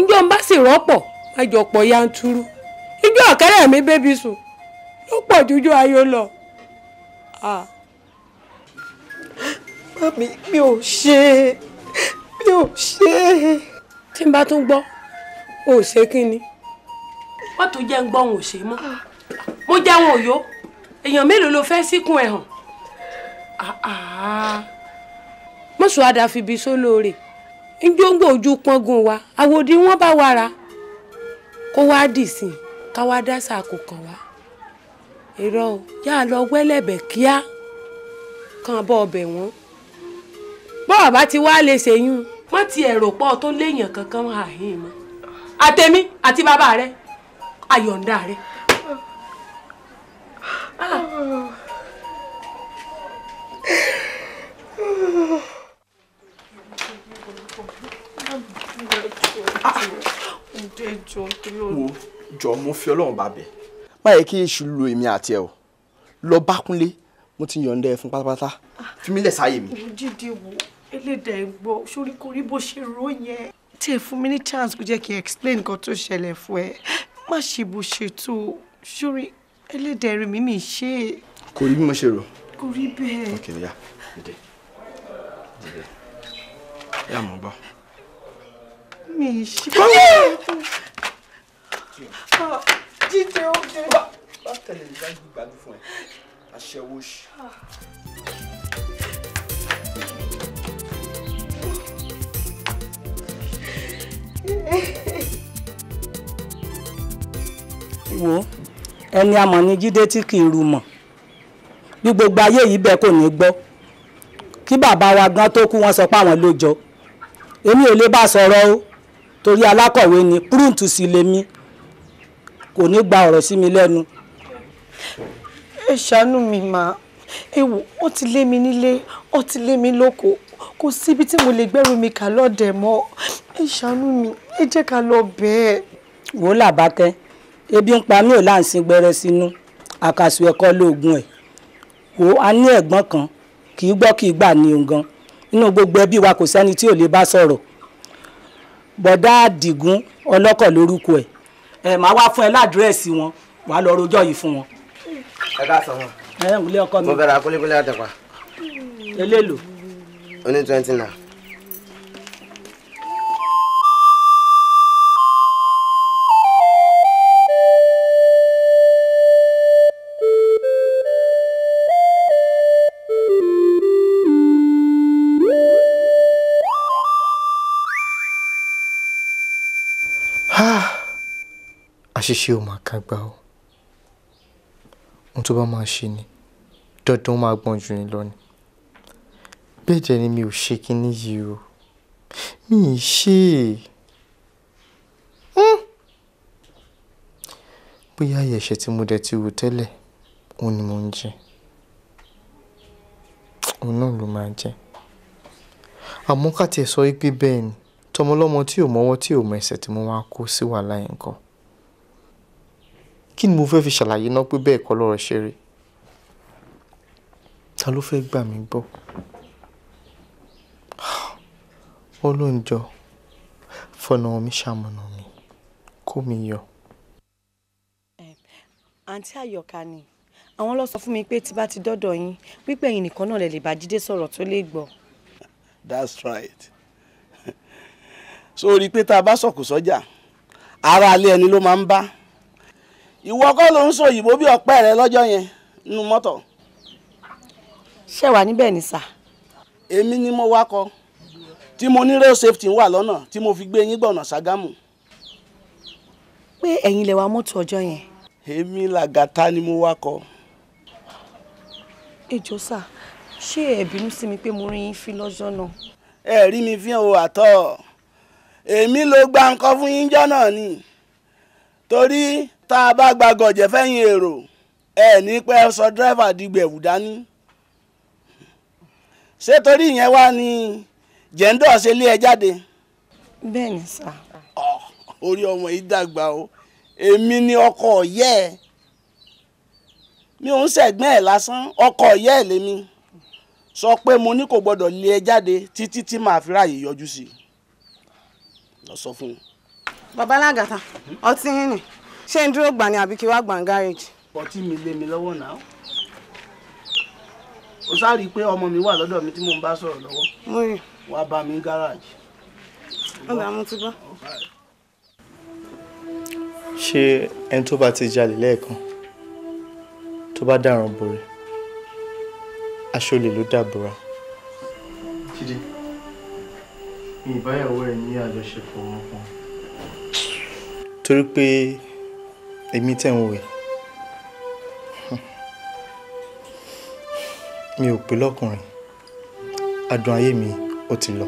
ǹjọ́ ń bá sì rọ́pọ̀ máa jọ pọ̀ yanturu ǹjọ́ ọ̀kẹ́rẹ́ mi bébí sùn ló pọ̀ jújú ayọ̀ lọ. Ah. mami mi ò ṣe mi ò ṣe. tí n bá tún gbọ́ o ò ṣe kí ni. wọ́n tún jẹ́ ń gbọ́ òun ò ṣe mọ́ ah. mo jẹ́ wọn ò èèyàn mélòó ló fẹ́ síkùn ẹ̀ hàn ah, ah. mọ̀sùn àdàfibí sólóore njóńgbò ojú pọ́ngùn wa àwòdì wọn bá wa ra kó wá dì sí i ká wá dá sàkó kan wá irọ́ o yá lọ wẹ́lẹ̀bẹ̀ kíá kan bọ́ ọbẹ̀ wọ́n bọ́ọ̀ bá ti wá lè ṣèyún wọ́n ti ẹ̀rọ pọ̀ tó léèyàn kankan àhín mọ́ àtẹ̀mí àti bàbá rẹ̀ àyọ̀ǹda rẹ̀ wo jọ mo fi Ọlọ́run bá bẹ̀ má yẹ kí èṣù lo èmi àti ẹ o lọ bá Kúnlé mo ti yọ̀ǹda ẹ fún pátápátá fi mí lẹ̀ sáyè mi. jíde wo elédè gbọ́ sórí kò rí bó ṣe rò yẹn. tí ẹ fún mi ní chance kó jẹ́ kí n explain nǹkan tó ṣẹlẹ̀ fún ẹ má ṣe bó ṣe tó sórí ẹlẹ́dẹ̀ẹ́rì mi mi ṣe. kò rí bí mo ṣe rò. kò rí bẹ́ẹ̀. ok ya dìde dìde ya mo gbọ́. mi ṣe. jíjẹ oúnjẹ. bá tẹ̀lé ìgbàgbé ìgbàgbé fún ẹ aṣẹ́wó ṣe. wo ẹni amọ̀ ni jíde tí kì í ru mọ̀ bí gbogbo ayé yìí bẹ́ẹ̀ kò ní gbọ́ kí bàbá wa gan tó kú wọ́n sọ pé àwọn ló jọ èmi ò lè bá sọ̀rọ̀ o torí alákọ̀wé ni púrùǹtù sì lèmi kò ní gba ọ̀rọ̀ sí mi lẹ́nu. ẹ ṣàánú mi màá ewu ó ti lé mi nílé ó ti lé mi lóko kò síbi tí mo lè gbẹ́rù mi kà lọ́dẹ̀ mọ́ ẹ ṣàánú mi ẹ jẹ́ ká lọ bẹ́ẹ̀. wò ó làbákẹ́ ebi ń pa mí ò láǹsìn gbẹrẹ sínú àkàsù ẹ̀kọ́ lóògùn ẹ̀ wò á ní ẹ̀gbọ́n kan kì í gbọ́ kì í gbà ní ògan inú gbogbo ẹbí wa kò sẹ́ni tí ò lè bá sọ̀rọ̀ bọ̀dá àdìgún ọlọ́kọ̀ lórúkọ ẹ̀ ẹ̀ máa wá fún ẹ ládírẹ́sì wọn wàá lọ rojọ́ yìí fún wọn. ẹ ká sọ wọn. ẹ ń wulẹ̀ ọkọ mi. mo bẹ̀rẹ̀ akólébólé àtẹ̀pà. eléèlò. oní twenty naira. àṣìṣe ò máa kàgbà o ohun tó bá máa ṣe ni dandan máa gbọ́n jù ní lọ ni bẹ́ẹ̀ jẹ́ ni mi ò ṣe kinní yìí o mi ì ṣe bóyá àyẹ̀ṣẹ̀ tí mo dẹ̀ ti wò tẹ́lẹ̀ òun ni mò ń jẹ òun náà ló máa jẹ àmọ́ ká tiẹ̀ sọ wípé bẹ́ẹ̀ ni tọmọlọ́mọ tí ò mọ́wọ́ tí ò mọ ẹsẹ̀ tí mo máa kó sí wàhálà yẹn kan kí ni mo fẹ́ fi ṣàlàyé náà pé bẹ́ẹ̀ kọ́ lọ́rọ̀ ṣe rí ta ló fẹ́ gbà mí gbọ́ olóńjọ fọ̀nà mi ṣàmọ̀nà mi kó mi yọ. àǹtí àyọkà ni àwọn lọ sọ fún mi pé tí bá ti dọ́dọ̀ yín wípé ẹ̀yin nìkan náà lè lè bá jíde sọ̀rọ̀ tó lè gbọ́. that's right so rí i pé tá a bá sọ̀kò sọ́jà ara alẹ́ ẹni ló máa ń bá ìwọ kọ́ ló ń sọ òyìnbó bí ọ̀pẹ́ rẹ lọ́jọ́ yẹn nínú mọ́tò. ṣé wà níbẹ̀ ni sà. èmi ni mo wakọ̀ tí mo ní rail safety wà lọ́nà tí mo fi gbé yín gbọ̀nà Ṣàgámù. pé ẹ̀yin lè wa mọ́tò ọjọ́ yẹn. èmi làgàtà ni mo wakọ̀. èjò sà ṣé ẹ bínú sí mi pé mo rí yín fi lọ́jọ́ náà. ẹ rí mi fi hàn o àtọ èmi ló gba nǹkan fún yín jọ náà ni torí tá a bá gba gọ̀jẹ̀ fẹ́yìn èrò ẹ ní pẹ́ sọ dírẹ́fà dìgbẹ̀wù dání ṣé torí ìyẹn wá ní jẹ́ńdọ̀ ṣe lé ẹ jáde. bẹ́ẹ̀ ni sà. orí ọmọ yìí dàgbà o èmi ni ọkọ ọ̀yẹ́ ẹ̀ mi ò ń ṣẹ̀gbọ́n ẹ̀ lásán ọkọ ọ̀yẹ́ ẹ̀ lèmi sọ pé mo ní kò gbọ́dọ̀ lé ẹ jáde títí tí màá fi ráàyè yọjú sí i lọ sọ fún un. bàbá ọtí yín ni. -hmm ṣé n dúró gbà ni àbí kí wá gbà ń gáréjì. pọtí mi lé mi lọ́wọ́ náà ó sáré pé ọmọ mi wà lọ́dọ̀ mi tí mo ń bá sọ̀rọ̀ lọ́wọ́ wàá bá mi gáràjì. ọgbà mo ti gbọ́. ṣé ẹni tó bá ti jalè lẹ́ẹ̀kan tó bá dáràn borí aṣọ́lè ló dàbúra. jíde ìbáyàwó ẹ ní àjọṣepọ̀ wọn kan. torí pé èmi tẹ̀ ń wò yìí mi ò pé lọ́kùnrin adùn ayé mi ó ti lọ.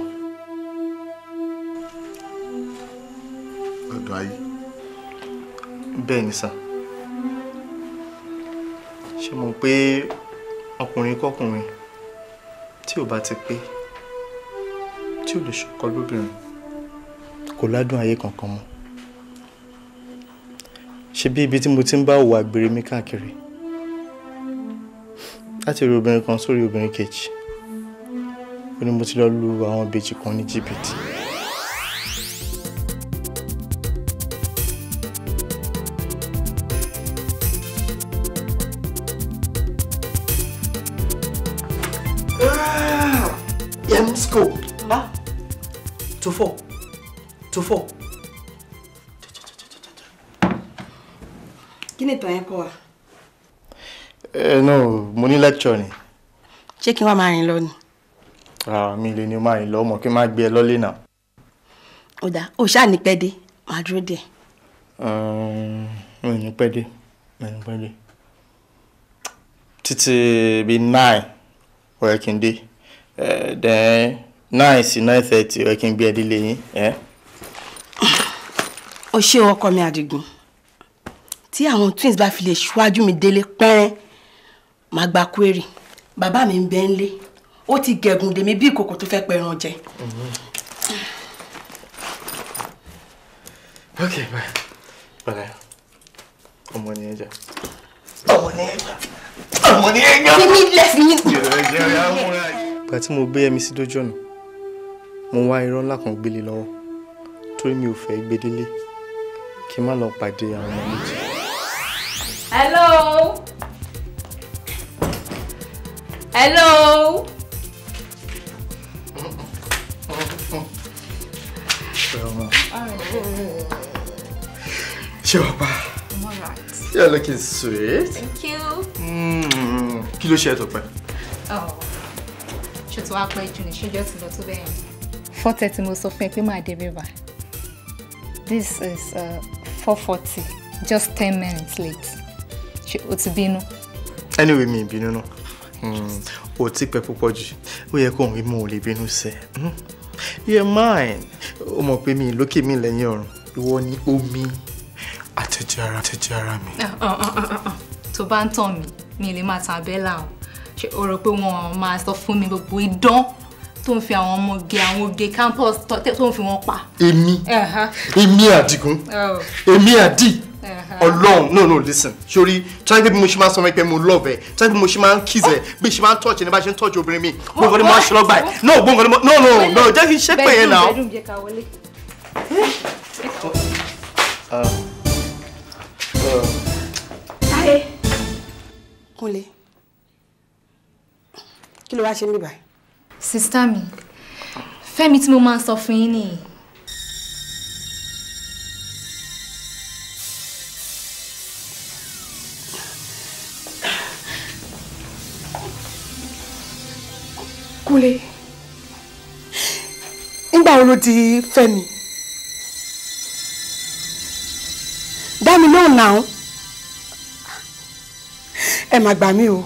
adùn ayé. bẹ́ẹ̀ ni sà ṣe mọ̀ pé ọkùnrin kọ́kùnrin tí ò bá ti pé tí ò lè ṣọkọ lóbìnrin kò ládùn ayé kankan mọ́ ṣe bí ibi tí mo ti ń bá òwò àgbèrè mi káàkiri láti rí obìnrin kan sórí obìnrin kejì ó ní mo ti lọ lu àwọn ìbejì kan ní jìbìtì. Yemsko. Ma. Tó fọ̀. Tó fọ̀. ní yẹn kọ́ wa. ẹ eh, no mo ní lecture ni. ṣé kí wọ́n máa rìn lọ ni. rárá mi lè ní máa rìn lọ ọmọ kí n má gbé ẹ lọ́lé náà. ó dáa ó ṣáà ní pẹ́ dé màá dúró díẹ̀. Eh, mi ò ní pẹ́ dé mi ò ní pẹ́ títí bíi nine ó yẹ kí n dé eh, then nine sí nine thirty ó yẹ kí n gbé ẹ délé yín. o ṣé ọkọ mi àdìgún tí àwọn twins bá fi lè ṣíwájú mi délé pẹ́rẹ́ máa gba query bàbá mi ń bẹ ń lé ó ti gẹ̀gùn dèmi bí ìkòkò tó fẹ́ pẹran jẹ. ok bye bye ọmọ ni ẹ jẹ ọmọ ni ẹ jẹ ọmọ ni ẹ jẹ. mi lẹ́sí mi. ìgbà tí mo gbé ẹmí sí dójú ọ̀nà mo wá irọ́ ńlá kan gbélé lọ́wọ́ torí mi ò fẹ́ gbé délé kí n má lọ pàdé àwọn ọmọ méjì. Hello? Hello? Selma. Chioma. I'm alright. You're looking sweet. Thank you. Mm. Kí ló ṣe ẹ́ tó pẹ́? Oh. Ṣé tí wàá pẹ́ jù ní ṣéjọ́ ti lọ tó bẹ́ẹ̀ yẹn? Four thirty mo sọ fún ẹ pé màá dé river. This is uh, four forty, just ten minutes late o ti bínú. anyway mi ìbínú náà hmm, o ti pẹ́ púpọ̀ jù ó yẹ kóun rí mú o lè bínú sẹ́ hmm, yẹ mine o mọ̀ pé mi lókè mi lẹ́yìn ọ̀run ìwọ ni omi àtẹ̀jẹ́ ara àtẹ̀jẹ́ ara mi. Ah, ah, ah, tó bá ń tàn mí mi lè máa tan abẹ́là o ṣe o rò pé wọn máa sọ fún mi gbogbo idán tó ń fi àwọn ọmọge àwọn oge campus tó ń fi wọn pa. èmi èmi àdìgún oh. èmi àdì ọlọ́run no no listen sori tọ́jú bí mo ṣe máa ń sọ wípé mo love ẹ to be mo ṣe máa kiss ẹ bí ṣe máa touch ẹ ní bá ṣe ń touch obìnrin mi gbogbo ni mo aṣọ lọ́gbà ẹ no gbogbo ni mo no no no jẹ́ kí n ṣe pé yẹn náà. táyé um, um, kúnlẹ̀ kí ló wá ṣe mí báyìí. sista mi fẹ́mi tí mo máa ń sọ fún yín nìyí Kúnlé nígbà wo ló ti fẹ́ mi dá mi lóhùn náà ẹ má gbà mí o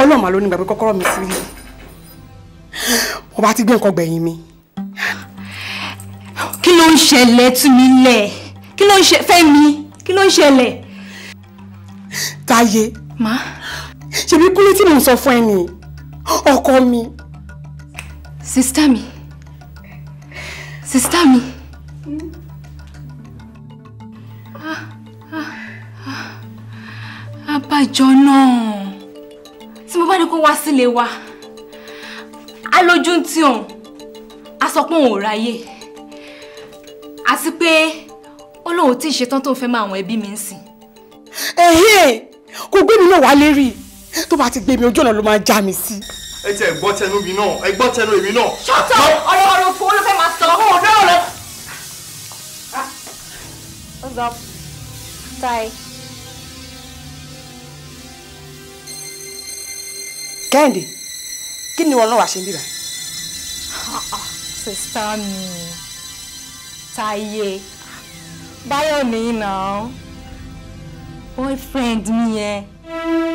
ọlọ́mà ló ní gbàgbé kọ́kọ́rọ́ mi sí wọ́n bá ti gbé nǹkan gbẹ̀yìn mi. kí ló ń ṣẹlẹ̀ tú mi lẹ̀ kí ló ń ṣe fẹ́ mi kí ló ń ṣẹlẹ̀. Táyé ṣèbí Kúnlé tí mò sọ fún ẹ nìyí ọkọ mi. sista mi sista mi. abájọ náà tí mo bá ní kó wá sílé wa alójú ń tí òun a sọ pé òun ò ráyè àti pé ó lóun tí ì ṣetán tó ń fẹ́ máa àwọn ẹbí mi ń sìn. ẹ̀hìn kò gbé mi náà wá lérí tó bá ti gbé mi ojú ọ̀nà ló máa já mi sí ẹ ti ẹ̀gbọ́n tẹnu mi náà ẹ̀gbọ́n tẹnu èmi náà. ṣọ́tọ̀ ọ̀rọ̀ ọ̀rọ̀ fún olùfẹ́ máa sọ ọ́ ọ̀dọ́ ọ̀rọ̀. ọ̀gá táì. kẹ́hìndé kí ni ọlọ́wà ṣe ń bíbá. sista mi táyé báyọ̀ nìyí náà boyfriend mi yẹn. Eh.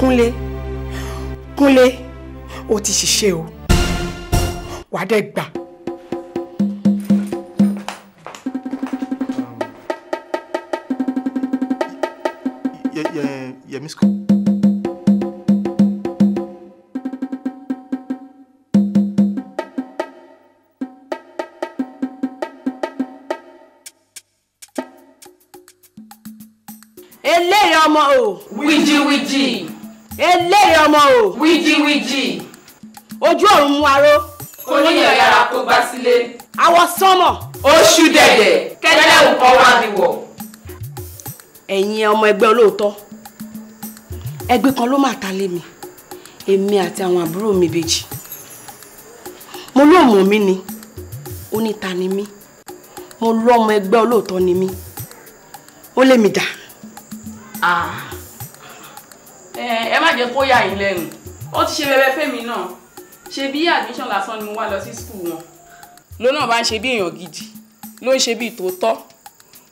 Kúnlé Kúnlé o ti ṣiṣẹ́ o wàá dẹ̀ ẹgbẹ́ olóòótọ́ ẹgbẹ́ kan ló mà ta lé mi èmi àti àwọn àbúrò mi bèjì mo lọ́mọ mi ni oníta ni mí mo lọ́mọ ẹgbẹ́ olóòótọ́ ni mí ó lé mi dà. ẹ má jẹ́ kó yà yín lẹ́nu ó ti ṣe bẹbẹ fẹ́mi náà ṣe bí admission lásán ni mo wá lọ sí school wọn ló náà bá ń ṣe bí èèyàn gidi ló ń ṣe bí tòótọ́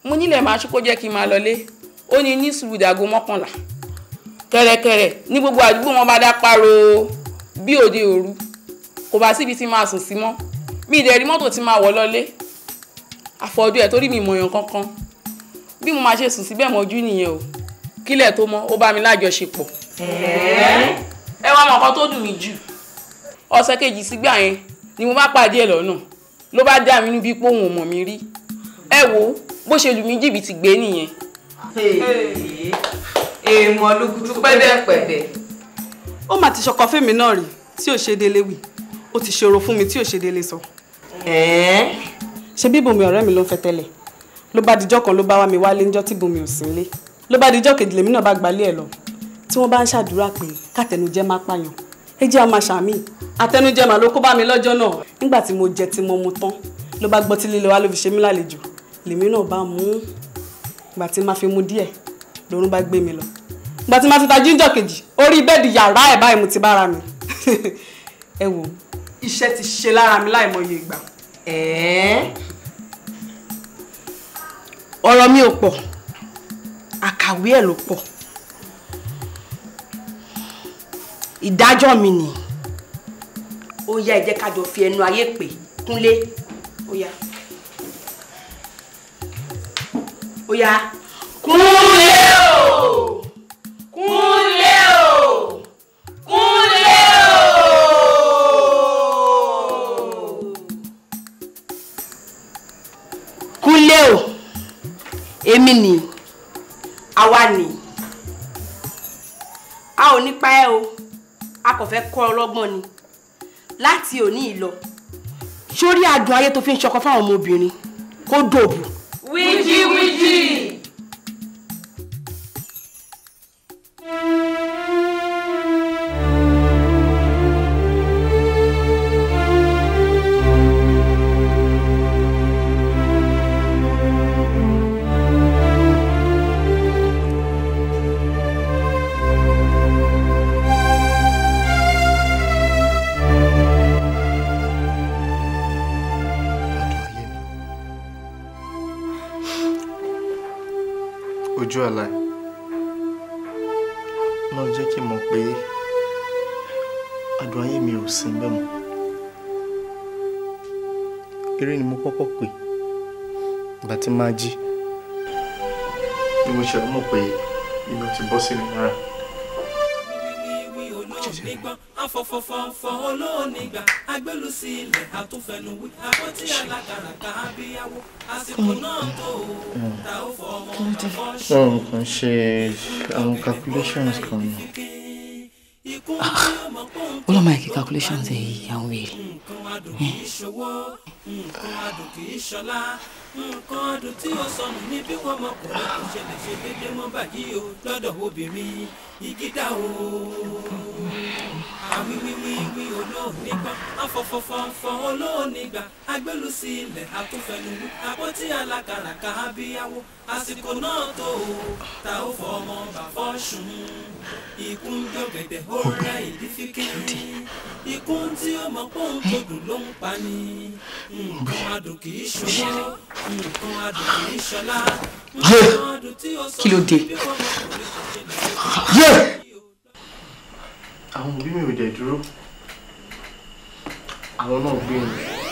mo nílẹ̀ máa ṣú jẹ́ kí n máa lọlé ó ní ní sùúrù dàgó mọ́kànlá kẹ̀rẹ̀kẹ̀rẹ̀ ní gbogbo àdúgbò wọn bá dá páro bí òde òru kò bá síbi tí máa sùn sí mọ́ mi ìdẹ̀rí mọ́tò tí máa wọ̀ lọ́lé àfọ̀dù ẹ̀ torí mi ìmọ̀yàn kankan bí mo máa ṣe sùn síbẹ̀ mọ́jú nìyẹn o kílẹ̀ tó mọ́ ó bá mi lájọṣepọ̀ ẹ wá mọ̀ọ́kan tó dùn mí jù ọ̀sẹ̀ kejì sígbà yẹn ni mo bá pàdé ẹ̀ lọ́nà ló bá dá mi níbi pé òun ò mọ̀ mi rí ẹ wo bó ṣe lù mí jìbìtì gbé nìyẹn èèmọ̀ lùkùtù pẹ́dẹ́pẹ́dẹ́. ó mà ti ṣọkọ fèmí náà rí tí ò ṣe délé wì ó ti ṣòro fún mi tí ò ṣe délé sọ. ṣe bí bùnmi ọ̀rẹ́ mi ló ń fẹ́ tẹ́lẹ̀ ló bá dijọ́ kan ló bá wá mi wálé níjọ́ tí bùnmi ò sí nílé ló bá dijọ́ kejì lèmi náà bá gbalé ẹ̀ lọ tí wọ́n bá ń ṣàdúrà pé kàtẹnujẹ́ má pààyàn ẹ jẹ́ àmà ṣàmì àtẹnujẹ́ mà ló kó bá mi lọ́jọ́ náà nígbà tí mo jẹ tí mo mu tán ló bá gbọ́ tí lílọ wá ló fi ṣe mí lálejò lèmi náà bá mú ìgbà tí ma fi mu díẹ̀ lòun bá gbé mi lọ ìgbà tí ma fi ta jíjọ kejì orí bẹ́ẹ̀dì yàrá ẹ̀ báyìí mo ti bára mi ẹ wò iṣẹ́ ti ṣe lára mi láìmọye ìgbà. ọ̀rọ̀ mi ò pọ̀ àkàwé ẹ̀ ló pọ̀ ìdájọ́ mi nìyí ó yá ẹ jẹ́ ká jọ fi ẹnu ayé pè kúnlé ó yá. ó yá. kúnlé o kúnlé o kúnlé o. kúnlé o èmi ni àwa ni a ò nípa ẹ o a kò fẹ́ kọ́ ọlọ́gbọ́n ni láti òní ìlọ sórí adùn ayé tó fi ń ṣọkọ fáwọn ọmọbìnrin kó dòbù Ouija Ouija! ojú àlá náà jẹ́ kí n mọ̀ pé adùn ayé mi ò sí bẹ́ẹ̀ mọ́ eré ni mo kọ́kọ́ pè ìgbà tí máa jí bí mo ṣe mọ̀ pé inú ti bọ́ sínú mọ́ra. afọfọfọfọ olóònígbà agbélùsí ilẹ̀ àtúnfẹ̀nùwí àpótí alákàràkà abíyáwó àsìkò náà tó ta ó fọ kí ló dé. báwo mo calculations kan ni. ó lọ́ máa calculations ẹ̀ yìí àwọn wèrè nǹkan ọdún tí ó sọnù ní bí wọ́n mọkùnrin kò ṣẹlẹ̀ ṣe déédéé mọ́ báyìí o lọ́dọ̀ obìnrin ìgídà o. àwíwíwíwí olóòní kan afọfọfọfọ olóòní gbà agbélú sí ilẹ̀ àtúfẹnuwú àpótí alákàràkà abíyáwó àsìkò náà tó o ta ó fọ ọmọ bàfọ́ ṣùn ikú jọ̀gẹ̀dẹ̀ ó rẹ ìdí fíkẹ́ ikú tí ó mọ̀ pọ́ùn dùn ló ń pa ni nǹkan adùn kì í ṣòro yé kí ló dé yé. àwọn òbí mi ò dẹ̀ dúró àwọn náà gbé mi.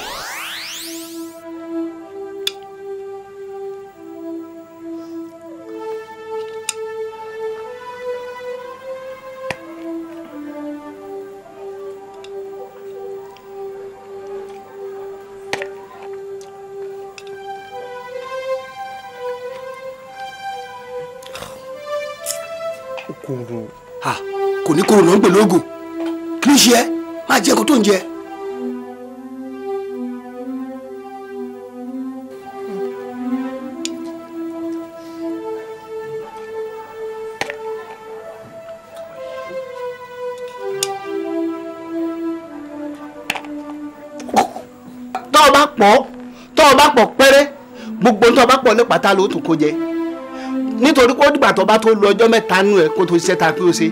kúrò náà ń pè lóògùn kí ló ṣe ẹ́ máa jẹ́ kó tó ń jẹ. tọ́ ọ bá pọ̀ tọ́ ọ bá pọ̀ pẹ́rẹ́ gbogbo tọ́ ọ bá pọ̀ ní pátá ló tún kó jẹ nítorí kó dìgbà tó bá tó lu ọjọ́ mẹ́ta nù ẹ̀ kó tó ṣiṣẹ́ ta kí ó ṣe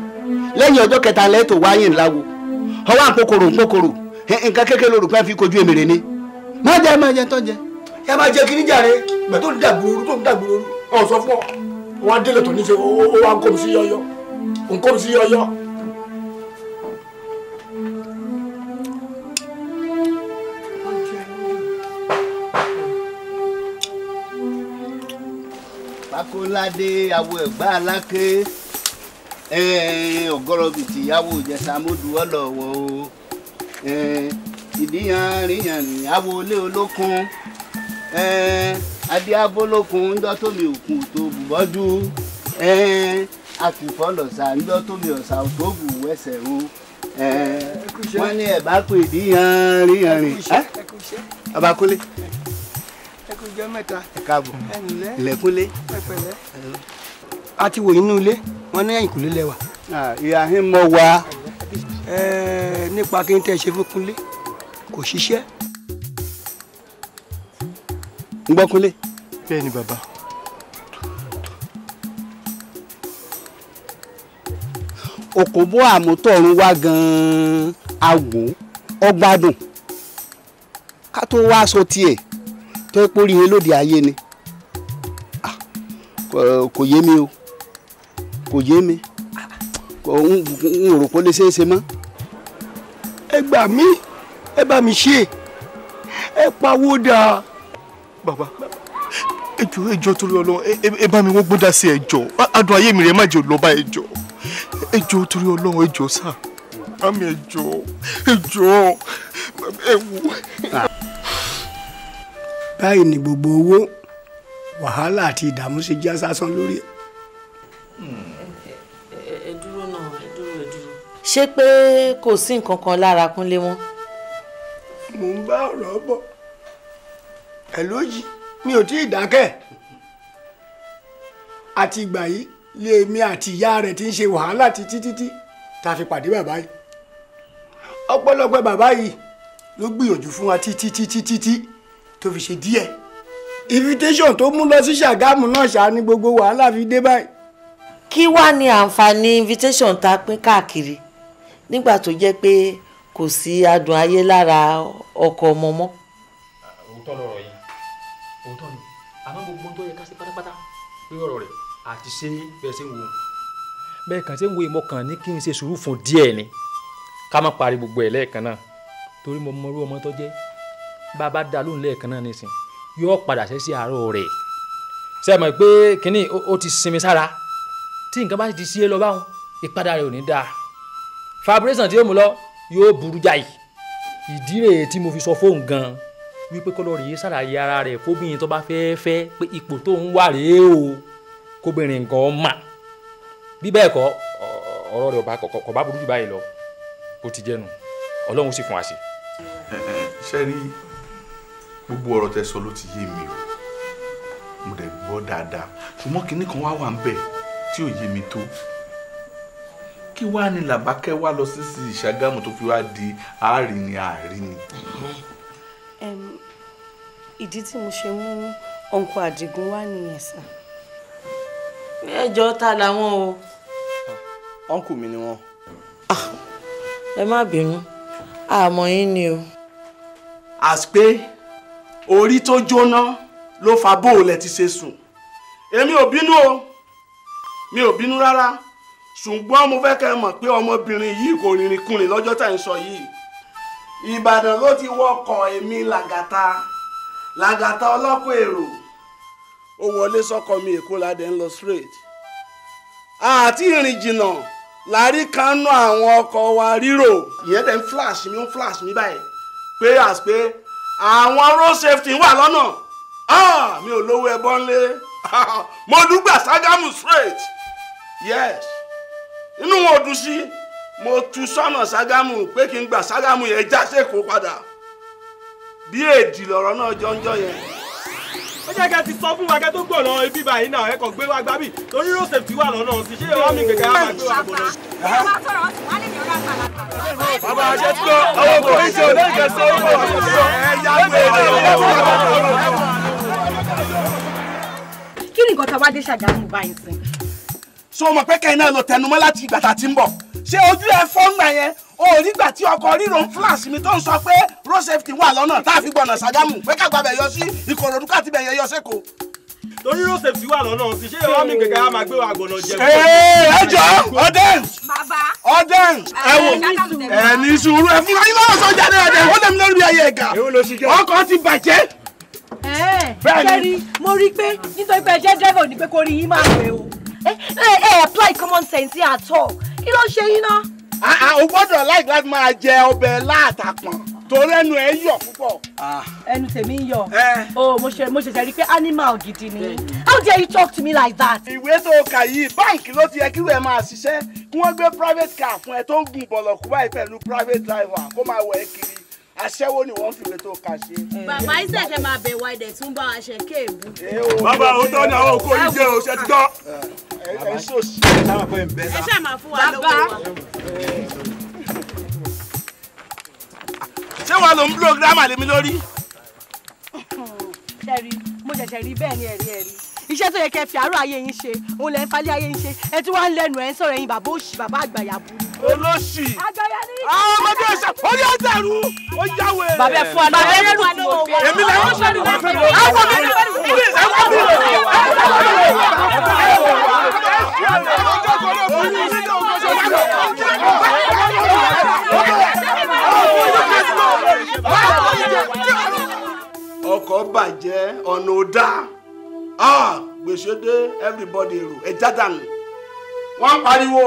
lẹ́yìn ọjọ́ kẹta lẹ́tọ̀ wáyé ńlá wo ọwọ́ àpòkòrò ńpòkòrò nǹkan kékeré ló rò pé fi kojú èmèrè ni má jẹ má jẹ tó jẹ. ẹ máa jẹ kí níjà rẹ gbẹ tó ń dàgbòrò tó ń dàgbòrò ọ sọ fún ọ wọn á délé tó ní ṣe ó wá ń kó mi sí yọyọ ń sí yọyọ. Pákóládé awo ẹ̀gbá aláké ọ̀gọ́rọ̀bìtì eh, ìyàwó ìjẹsà mọ́dúwọ́ lọ́wọ́ o eh, ìdíyan ríyan ilé olókun eh, adéábólókun ńjọ́ tómi òkun tó bùbọ́jú àfìfọ́lọ̀sà ńjọ́ tómi ọ̀sà tó bù wẹ́sẹ̀ o wọ́n ní ẹ̀ bá pè díyan ríyan rìn ọba kúlé ẹkùnjọ́ mẹ́ta àti wò ilé. wọ́n ní ẹ̀yìnkùlé lẹ́wà. ìyá yín mọ wa. nípa kí n tẹ́ ṣe fún Kúnlé kò ṣiṣẹ́. ń gbọ́ Kúnlé. bẹ́ẹ̀ ni bàbá. òkòbó àmútọ̀run wá gan-an àwò ọgbádùn ká tó wá aṣọ tiẹ̀ tó ń pórí yẹn lóde ayé ni ah, kò yé mi o. kò yé mi n ò rò pé ó lè ṣeé ṣe mọ́. ẹ gbà mí ẹ bá mi ṣe ẹ pawó dáa. bàbá ẹjọ ẹjọ torí Ọlọ́run ẹ bá mi wọ́n gbọ́dá sí ẹjọ adùn ayé mi rẹ má jẹ́ olọba ẹjọ ẹjọ torí Ọlọ́run ẹjọ sá àmì ẹjọ ẹjọ ẹ wò. báyìí ni gbogbo owó wàhálà àti ìdààmú ṣe já sásán lórí ẹ. Hmm ṣé pé kò sí nǹkan kan lára kúnlé wọn. mo ń bá ọ̀rọ̀ bọ̀ ẹ̀ lójì mi ò tí ì dákẹ́ àti ìgbà yìí lé èmi àti ìyá rẹ̀ ti ń ṣe wàhálà títí títí tá a fi pàdé bàbá yìí ọ̀pọ̀lọpọ̀ bàbá yìí ló gbìyànjú fún wa títí títí títí tó fi ṣe díẹ̀ invitation tó mú lọ sí Ṣàgámù náà ṣáá gbogbo wàhálà fi dé báyìí. kí wàá ní àǹfààní invitation tá pín káàkiri nígbà tó jẹ́ pé kò sí adùn ayé lára ọkọ ọmọ mọ́. òótọ́ lọ̀rọ̀ yìí òótọ́ ni àmọ́ gbogbo ohun tó yẹ ká ṣe pátápátá pé ọ̀rọ̀ rẹ̀ àti ṣe bẹ́ẹ̀ ṣe ń wo. bẹ́ẹ̀ kàn ṣe ń wo ìmọ̀ ní kí n ṣe sùúrù fún díẹ̀ ni ká má parí gbogbo ẹ̀ lẹ́ẹ̀kan náà torí mo mọ irú ọmọ tó jẹ́ bá a bá dá lóhùn lẹ́ẹ̀kan náà nísìn yóò padà ṣe sí àárọ̀ rẹ̀ ṣe mọ̀ pé kínní ó ti sinmi sára tí nǹkan bá ti ṣe é lọ báwọn fabrication tí yóò mú lọ yóò burú jáì ìdí rèé tí mo fi sọ fóun gan wípé kó lọ rèé ṣàlàyé ara rẹ̀ fóbìnrin tó bá fẹ́ẹ́ fẹ́ pé ipò tó ń wà rèé o kóbìnrin nǹkan mà bí bẹ́ẹ̀ kọ́ ọ̀rọ̀ rẹ̀ kò bá burú jù báyìí lọ bó ti jẹ́nu ọlọ́run sì fún wa sí. ṣe rí gbogbo ọ̀rọ̀ tẹ sọ ló ti yé mi o mo dẹ̀ gbọ́ dáadáa ṣùgbọ́n kinní kan wá wà ń bẹ̀ tí ò yé mi tó kí wàá ní làbákẹ́ wá lọ sí ìṣàgámù tó fi wá di àárín àárín ni. ìdí tí mo ṣe mú ọ̀nkọ àdìgún wá nìyẹn sà. ẹjọ́ ta làwọn o. ọ̀nkù mi ni wọ́n. Ah, ẹ má bínú àmọ́ yín ni o. àṣpé orí tó jóná ló fa bóòlẹ̀ ti ṣe sùn èmi ò bínú o mi ò bínú rárá ṣùgbọ́n mo fẹ́ kẹ́ ẹ mọ̀ pé ọmọbìnrin yìí kò rìnrìn kùnrin lọ́jọ́ tá à ń sọ yìí ìbàdàn ló ti wọkọ̀ èmi làgàtà làgàtà ọlọ́kọ̀ èrò ó wọlé sọ́kọ mi èkó ládẹ́ ń lọ straight àti ìrìn jìnnà láàrí kánú àwọn ọkọ̀ wa rírò ìyẹn tẹ̀ ń flash mi ń flash mi báyìí pé as pé àwọn road safety wà lọ́nà mi ò lówó ẹbọ ńlẹ̀ mo dúgbà Ṣàgámù straight yes inú wọn ò dùn sí mo tu sọ́nà Ṣàgámù pé kí n gbà Ṣàgámù yẹn já sẹ́kọ̀ọ́ padà bí èdì lọ̀rọ̀ náà jọ́njọ́ yẹn. ó jẹ́ kẹ́ ti sọ fún wa kẹ́ tó gbọ̀nà ibi báyìí náà ẹ̀kọ́ gbé wa gbábì torí road safety wà lọ́nà òsì ṣé ìwà mi kẹ̀kẹ́ á máa gbé wa gbọ̀nà. bàbá àṣẹ tí ó àwọn kò ní ṣe olóògbé sọ owó àkọsọ ẹ̀yà wẹ̀rẹ̀ ìwọ̀n. kí ni nǹkan tá a wá dé Ṣàgámù báyìí sìn so mọ̀ pé kẹ́hìn náà lọ tẹnumọ́ láti ìgbà tá a ti ń bọ̀ ṣé ojú ẹ fọ́ngbà yẹn o rí gbà tí ọkọ̀ ríro ń flash mi tó ń sọ pé road safety wà lọ́nà tá a fi gbọ̀nà Ṣàgámù pé ká gbàbẹ̀ yọ sí Ìkòròdú ká tibẹ̀ yẹn yọ sẹ́kọ̀ọ́. torí road safety wà lọ́nà ti ṣé ìwà mi gẹ̀gẹ̀ á máa gbé àgbọ̀nà jẹ. ẹ jọ ọdẹn ọdẹn ẹ wò ẹ ní sùúrù ẹ fún ayélujára sọ jáde ọdẹ ó lè mi lórí ayé ẹ̀gà ọkọ̀ ti bàjẹ́. bẹ́ẹ̀ni mo rí pé nítorí pé jẹ́ dẹ́rẹ́bà ò ní pé kó rí yín máa pè o ẹ eh, ẹ eh, eh, apply common sense at all kí ló ṣe yín náà. àà o gbọ́dọ̀ láì láti máa jẹ ọbẹ̀ láàtàpọ̀n torí ẹnu ẹ yọ púpọ̀. Ah. ẹnu tèmi ń yọ o mo ṣe mo ṣẹ̀ṣẹ̀ rí i pé animal gidi ni how dare you talk to me like that. ìwé tó kà yìí báǹkì ló ti yẹ kí wẹ́ẹ́ máa ṣiṣẹ́ kí wọ́n gbé private car fún ẹ tó ń gun bọ̀lọ̀kú báyìí pẹ̀lú private driver kó máa wọ̀ ẹ́ kiri aṣẹ́wó ni wọ́n fi lè tó ka ṣe. bàbá isaac ẹ máa bẹ̀wà ẹ̀dẹ̀ tún bá wa kéèbù. bàbá òótọ́ ni àwọn òkú yìí jẹ́ o ti tọ́. ẹ máa fún wa lówó wa. ṣé wàá ló ń búrò gírámà lé mi lórí. mo ṣẹ̀ṣẹ̀ rí bẹ́ẹ̀ ni ẹ̀rí ẹ̀rí iṣẹ́ tó yẹ kẹ́ fi àárọ̀ ayé yín ṣe òun lẹ́ ń falẹ̀ ayé yín ṣe ẹ tí wọ́n ń lẹ́nu ẹ̀ ń sọ̀rọ̀ ẹ̀yin bàbá òṣì bàbá àgbàyà bu. olóṣì àwọn ọmọdé ọṣà orí ọjà ẹrú ó yá wẹ. bàbá ẹ fún wa lọ́wọ́ ẹ fún wa lọ́wọ́ èmi lẹ wọ́n sọ ní wọ́n fẹ́ mi. àwọn mi ẹ wọ́n mi ẹ wọ́n mi ẹ wọ́n mi ọkọ̀ bàjẹ́ ọ̀nà ò dáa ah gbèsè dé everybody rò ẹ jádànù wọ́n pariwo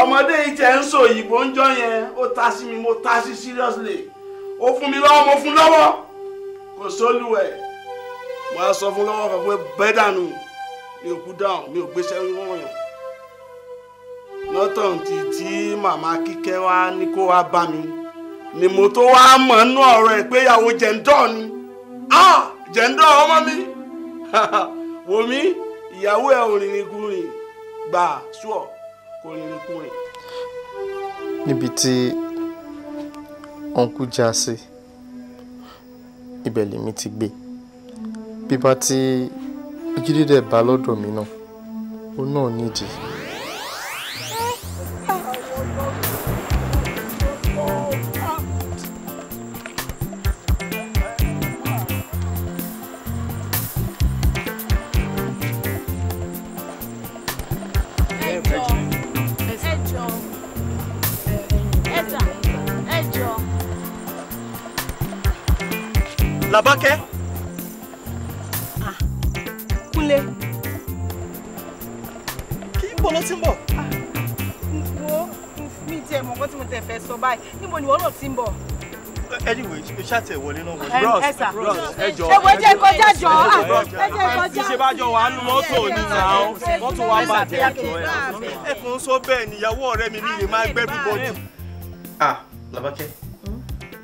ọmọdé yìí tẹ̀ ń sọ òyìnbó ń jọ yẹn ó ta sí mi mo ta sí seriously ó fún mi lọ́wọ́ mo fún lọ́wọ́ kò sólùwẹ̀ mo á sọ fún lọ́wọ́ kan pé bẹ́ẹ̀ dànù mi ò kú dáhùn mi ò gbéṣẹ́ wọ̀nyàn lọ́tàn tí tí màmá kíkẹ́ wá ní kó wá bá mi ni mo tó wá mọ̀ nínú ọ̀rọ̀ ẹ̀ pé ìyàwó jẹ̀ńdọ́ ni ah, jẹ̀ńdọ́ ọmọ mi. wòmí ìyàwó ẹ ò rìnrìn kùnrin gbà sùọ kò rìnrìn kùnrin. níbi tí ọ̀nkú já sí ibẹ̀ lèmi ti gbé bíbá tí jídédé bá lọ́dọ̀ mi náà ó náà nídìí. ṣàtẹ̀ wọlé náà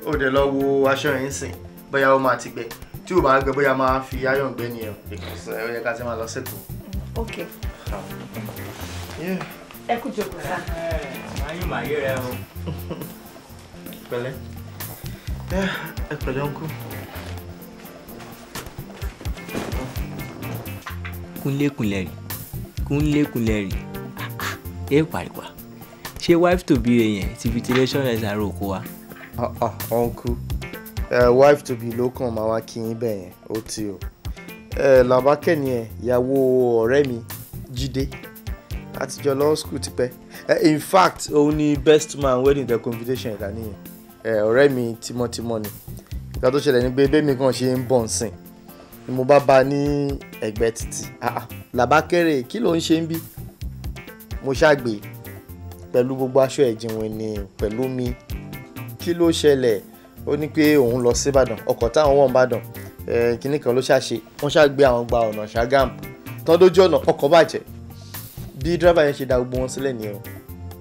ó dẹ̀ lọ wo aṣọ yẹn sìn bóyá ó máa ti gbẹ tí ò bá gbẹ bóyá máa fi ayọ̀n gbẹ nìyẹn ìkùsùn ẹ̀ ó yẹ ká ti máa lọ sẹ́kọ̀ọ́. ok. ẹ kú jókòó sá. máa yún màá yé rẹ o. pẹ̀lẹ́ ẹ pẹ̀lẹ́ ọ̀nkú. kúnlékùnlẹ̀ rì kúnlékùnlẹ̀ rì ẹ pariwa ṣé wife to be rẹ yẹn is fi tẹlẹsán rẹ sáré òkú wa. ọ̀nkú ah, ah, eh, wife to be ló kàn máa wá kí yín bẹ́ẹ̀ yẹn ó ti o eh, làbákẹ́ ni ẹ̀ ìyàwó ọ̀rẹ́ mi jíde àtijọ́ law school tipẹ́ eh, in fact òun ni best man wedding the convitation ìdánìyẹn ọ̀rẹ́ mi tímọ́tímọ́ ni ìgbà tó ṣẹlẹ̀ ni pé bẹ́ẹ̀ mi kàn ṣe ń bọ̀ nsìn ni mo bá ba ní ẹ̀gbẹ́ títì làbákẹ́rẹ́ kí ló ń ṣe ń bí mo ṣàgbé pẹ̀lú gbogbo aṣọ ẹ̀jìnwìn ni pẹ̀lú mi kí ló ṣẹlẹ̀ ó ní pé òun lọ sí Ìbàdàn ọkọ̀ táwọn wọ̀ ń Ìbàdàn kínní kan ló ṣàṣe wọ́n ṣàgbé àwọn gba ọ̀nà Ṣàgámù tán dójú ọ̀nà ọkọ̀ bàjẹ́ bí dírẹ́bà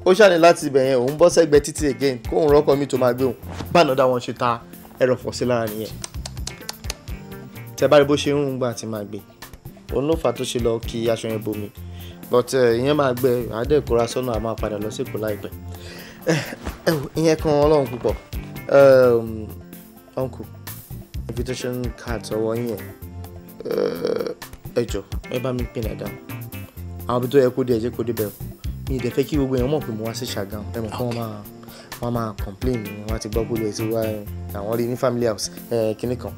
ó ṣàní láti ibẹ̀ yẹn òun bọ́ sẹ́gbẹ́ títí again kóun rọ́kọ̀ mi tó máa gbé òun bá ànádá wọn ṣe ta ẹrọ̀fọ̀ sí lára nìyẹn tẹ bá rí bó ṣe ń rún gbà tí máa gbé òun ló fà tó ṣe lọ kí aṣọ yẹn bomi but eh, ìyẹn máa gbẹ àádẹ́kọ̀ọ́ra sọ́nà àmọ́ padà lọ sípò láìpẹ́ eh, ìyẹn kan ọlọ́run púpọ̀ um, uncle invitation card sọwọ́ yẹn eh, ẹ jọ ẹ bá mi pin ẹ̀ dáhùn àwọn ibi tó yẹ kó dé ẹ jẹ́ kó dé bẹ́ẹ̀ mi ì dẹ̀ fẹ́ kí gbogbo èèyàn mọ̀ pé mo wá sí Ṣàgámù ẹ mọ̀ kí wọ́n máa wọ́n máa complain wọ́n ti gbọ́ bó lè ti wá àwọn rí ní family house kínní kan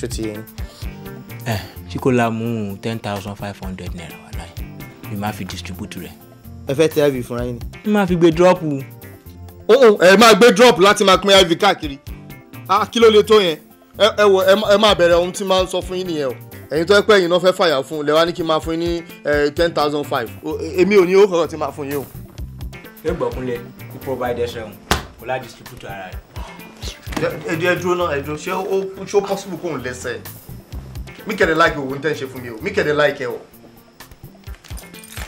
ṣó ti yẹn. ẹ Chikola mú ten thousand five hundred naira wà láyé mi máa fi distribute rẹ. ẹ fẹ́ tẹ iv fúnra yín ni. mi máa fi gbé drop. Oh, oh, ẹ máa gbé drop láti máa pín iv káàkiri ah, kí ló lè tó yẹn ẹ wọ ẹ máa bẹ̀rẹ̀ ohun tí máa ń sọ fún yín nìyẹn o ẹ̀yin tó ẹ pé ẹ̀yin náà fẹ́ fàyà fún un lẹ́wà ní kí n máa fún yín ní ten thousand five e, èmi ò ní owó kankan tí máa fún yín o. ṣé gbọ̀kúnlẹ̀ kó provide ẹsẹ̀ òun kó lá distribute ara rẹ̀. ẹ̀dùn ẹ̀dùn náà ẹ̀dùn ṣé ó ṣó possible kóun lẹ́sẹ̀ mí kẹ́dẹ̀ láìkẹ́ òun tẹ́ ń ṣe fún mi o mí kẹ́dẹ̀ láìkẹ́ o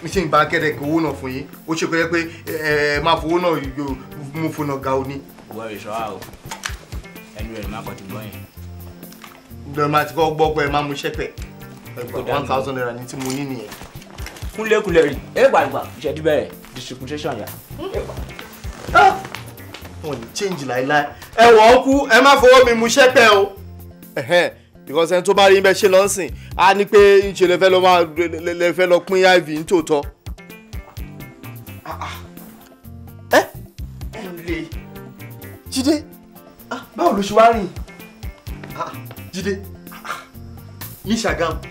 mi ṣe ń ba akẹ́dẹ̀ kí owó náà fún yín ó ṣe pé pé ẹ máa fowó náà mú fún náà ga ọ ní. ìwọ ìṣọ́ àwọ̀ ẹnu rẹ̀ máa kọ́ ti gbọ́ yẹn lọ́ọ́ máa ti kọ́ gbọ́ pé ẹ máa mú ṣẹ́pẹ̀ one thousand naira ní tí mo ní nìyẹn. kúnlẹ̀kúnlẹ̀ rí ẹgbàgbà ìṣẹ́jú bẹ̀rẹ̀ distribution yà. wọn ní change láéláé ẹ wọ̀ ọ́ kú ẹ má fọwọ́ mi mú ṣẹ́pẹ̀ o because ẹni tó bá rí bẹ́ẹ̀ ṣe lọ sìn á ní pé ńṣe lè fẹ́ lọ máa lè fẹ́ lọ pín iv ní tòótọ́. Ah, ah. ẹ ẹ lè jíde ah, báwo ló ṣe wá rìn. Jídé ní Ṣàgámù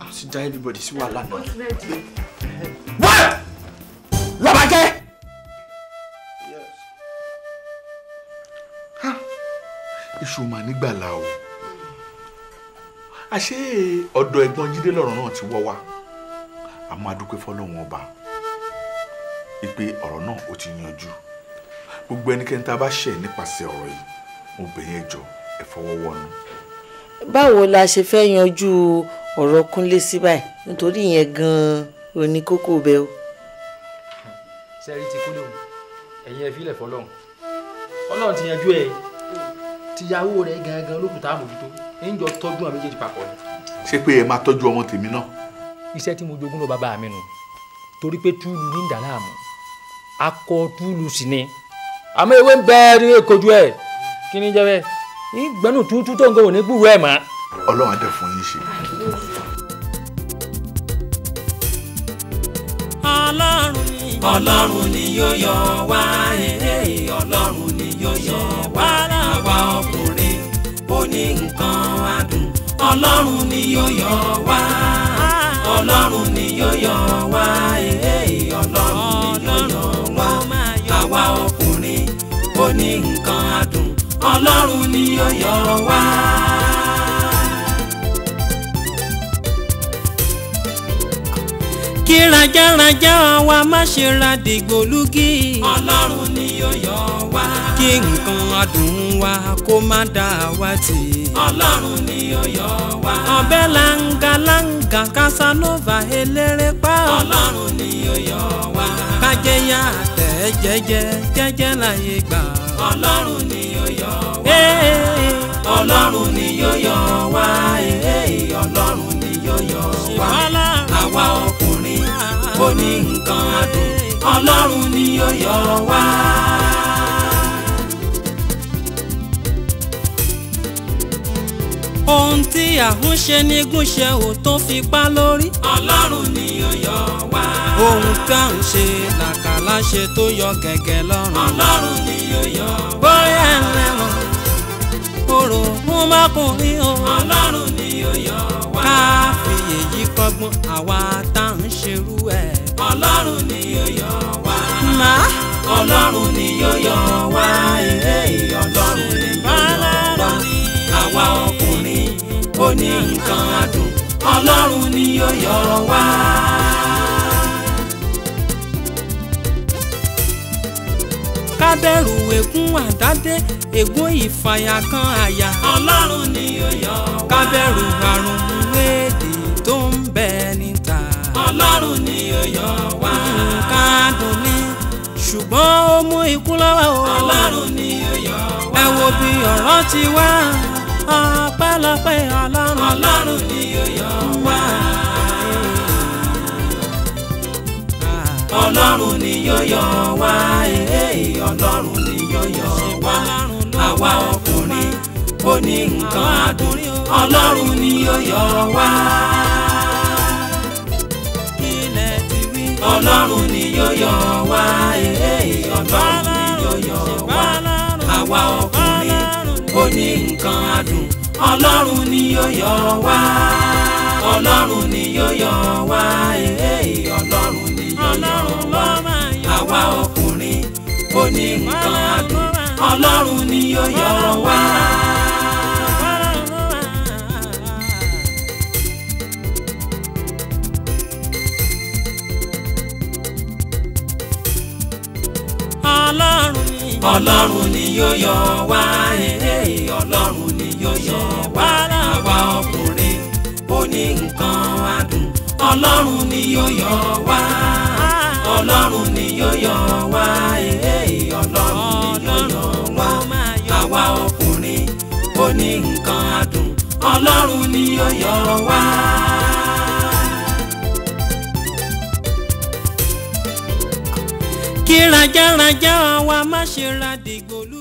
a ti da everybody sí wàhálà náà. wá Làbákẹ́. iṣu mà nígbàlà o àṣé ọ̀dọ̀ ẹ̀gbọ́n Jídé lọ́rọ̀ náà ti wọ́ wa a máa dúpẹ́ fọlọ́run ọba pé ọ̀rọ̀ náà ó ti yanjú gbogbo ẹnikẹ́ni tá a bá ṣẹ̀ nípasẹ̀ ọ̀rọ̀ yìí mo bẹ̀ yín jọ̀ọ́ ìfọwọ́wọ́nu. báwo la ṣe fẹ́ yanjú ọ̀rọ̀ kúnlé sí báyìí nítorí ìyẹn gan-an ò ní kókó bẹ́ẹ̀ o. sẹ́rí ti kúlẹ̀ o ẹ̀yin ẹ̀ fílẹ̀ fọlọ́run ọlọ́run ti yanjú ẹ̀ tìyàwó rẹ̀ gangan olókùn tá a mójútó níjọ tọ́jú àwọn méjèèjì papọ̀ ni. ṣé pé ẹ máa tọ́jú ọmọ tèmi náà. iṣẹ́ tí mo jogún lọ bàbá mi nù torí pé túlù ní ìdàlámù akọ túlù sí ni àmọ́ ewé ń bẹ́ẹ̀ ní èkojú ẹ̀ kí ni jẹ́ bẹ́ẹ̀ ìgbẹ́nu tuntun tó ń gbọ́ òní gbúrú ẹ̀ mọ́. ọlọ́run á fún yín ṣe. ọlọ́run ni ọlọ́run ni yóò yọ wá ọlọ́run ni yóò yọ wá láwa ọkùnrin oní nǹkan adùn ọlọ́run ni yóò yọ wá ọlọ́run ni yóò yọ wá ọlọ́run ni yóò yọ wá àwa ọkùnrin oní nǹkan adùn ọlọ́run ni ó yọ wá. kí rajaraja wa má ṣe ra dìgbòlúgì. ọlọ́run ni ó yọ wá. kí nǹkan adùn wa kó má dá wa tì. ọlọ́run ni ó wá. ọbẹ̀ langalanga Casanova eléré pa. ọlọ́run ni ó wá. kájẹ́yà tẹ̀ jẹ́jẹ́ jẹ́jẹ́ láyé gbà ọlọ́run ni yóò yọ wá eh. ọlọ́run ni yóò yọ wá eh, ọlọ́run ni yóò yọ wá àwa ọkùnrin ó ní nǹkan adùn ọlọ́run ni yóò yọ wá. ohun tí àhúnṣe ní gúnṣe ò tó fi pa lórí. ọlọ́run ni ó yọ wá. ohun tá à ń ṣe làkàlà ṣe tó yọ gẹ́gẹ́ lọ́rùn. ọlọ́run ni ó yọ wá. bóyá ẹlẹ́wọ̀n orò fún mákùnrin o. ọlọ́run ni ó wá. ká fi èyí kọ́gbọ́n àwa tá ń ṣerú ẹ̀. ọlọ́run ni ó wá. má ọlọ́run ni ó yọ wá. èrè ọlọ́run. ní nǹkan adùn ọlọ́run ni yóò yọrọ wá. kábẹ́rù ègún àdádé ègún ìfàyà kan àyà. ọlọ́run ni yóò yọrọ wá. kábẹ́rù àrùn wéèdè tó ń bẹ níta. ọlọ́run ni yóò yọrọ wá. nǹkan adùn ni ṣùgbọ́n ó mú ikú lọ́wọ́ ọlọ́run ni yóò yọrọ wá. ẹ wo bí ọ̀rọ̀ ti wá ọpẹ́lọpẹ́ ọlọ́run. ọlọ́run ni yóò yọ wá. ọlọ́run ni yóò yọ wá. ọlọ́run ni yóò yọ wá. àwa ọkùnrin ó ní nǹkan adùn. ọlọ́run ni yóò yọ wá. ọlọ́run ni yóò yọ wá. ọlọ́run ni yóò yọ wá. àwa ọkùnrin oní nǹkan adùn ọlọ́run ni yóò yọ wá ọlọ́run ni yóò yọ wá ee eh, eh, ọlọ́run ni yóò yọ wá àwa ọkùnrin oní nǹkan adùn ọlọ́run ni yóò yọ wá. ọlọ́run ni. ọlọ́run ni yóò yọ wá ọlọ́run ni yóò yọ wá àwa ọkùnrin oní nǹkan adùn ọlọ́run ni yóò yọ wá ọlọ́run ni yóò yọ wá ọlọ́run ni yóò yọ wá àwa ọkùnrin oní nǹkan adùn ọlọ́run ni yóò yọ wá. kí rajá rajá wa má ṣe ra dìgbò lọ.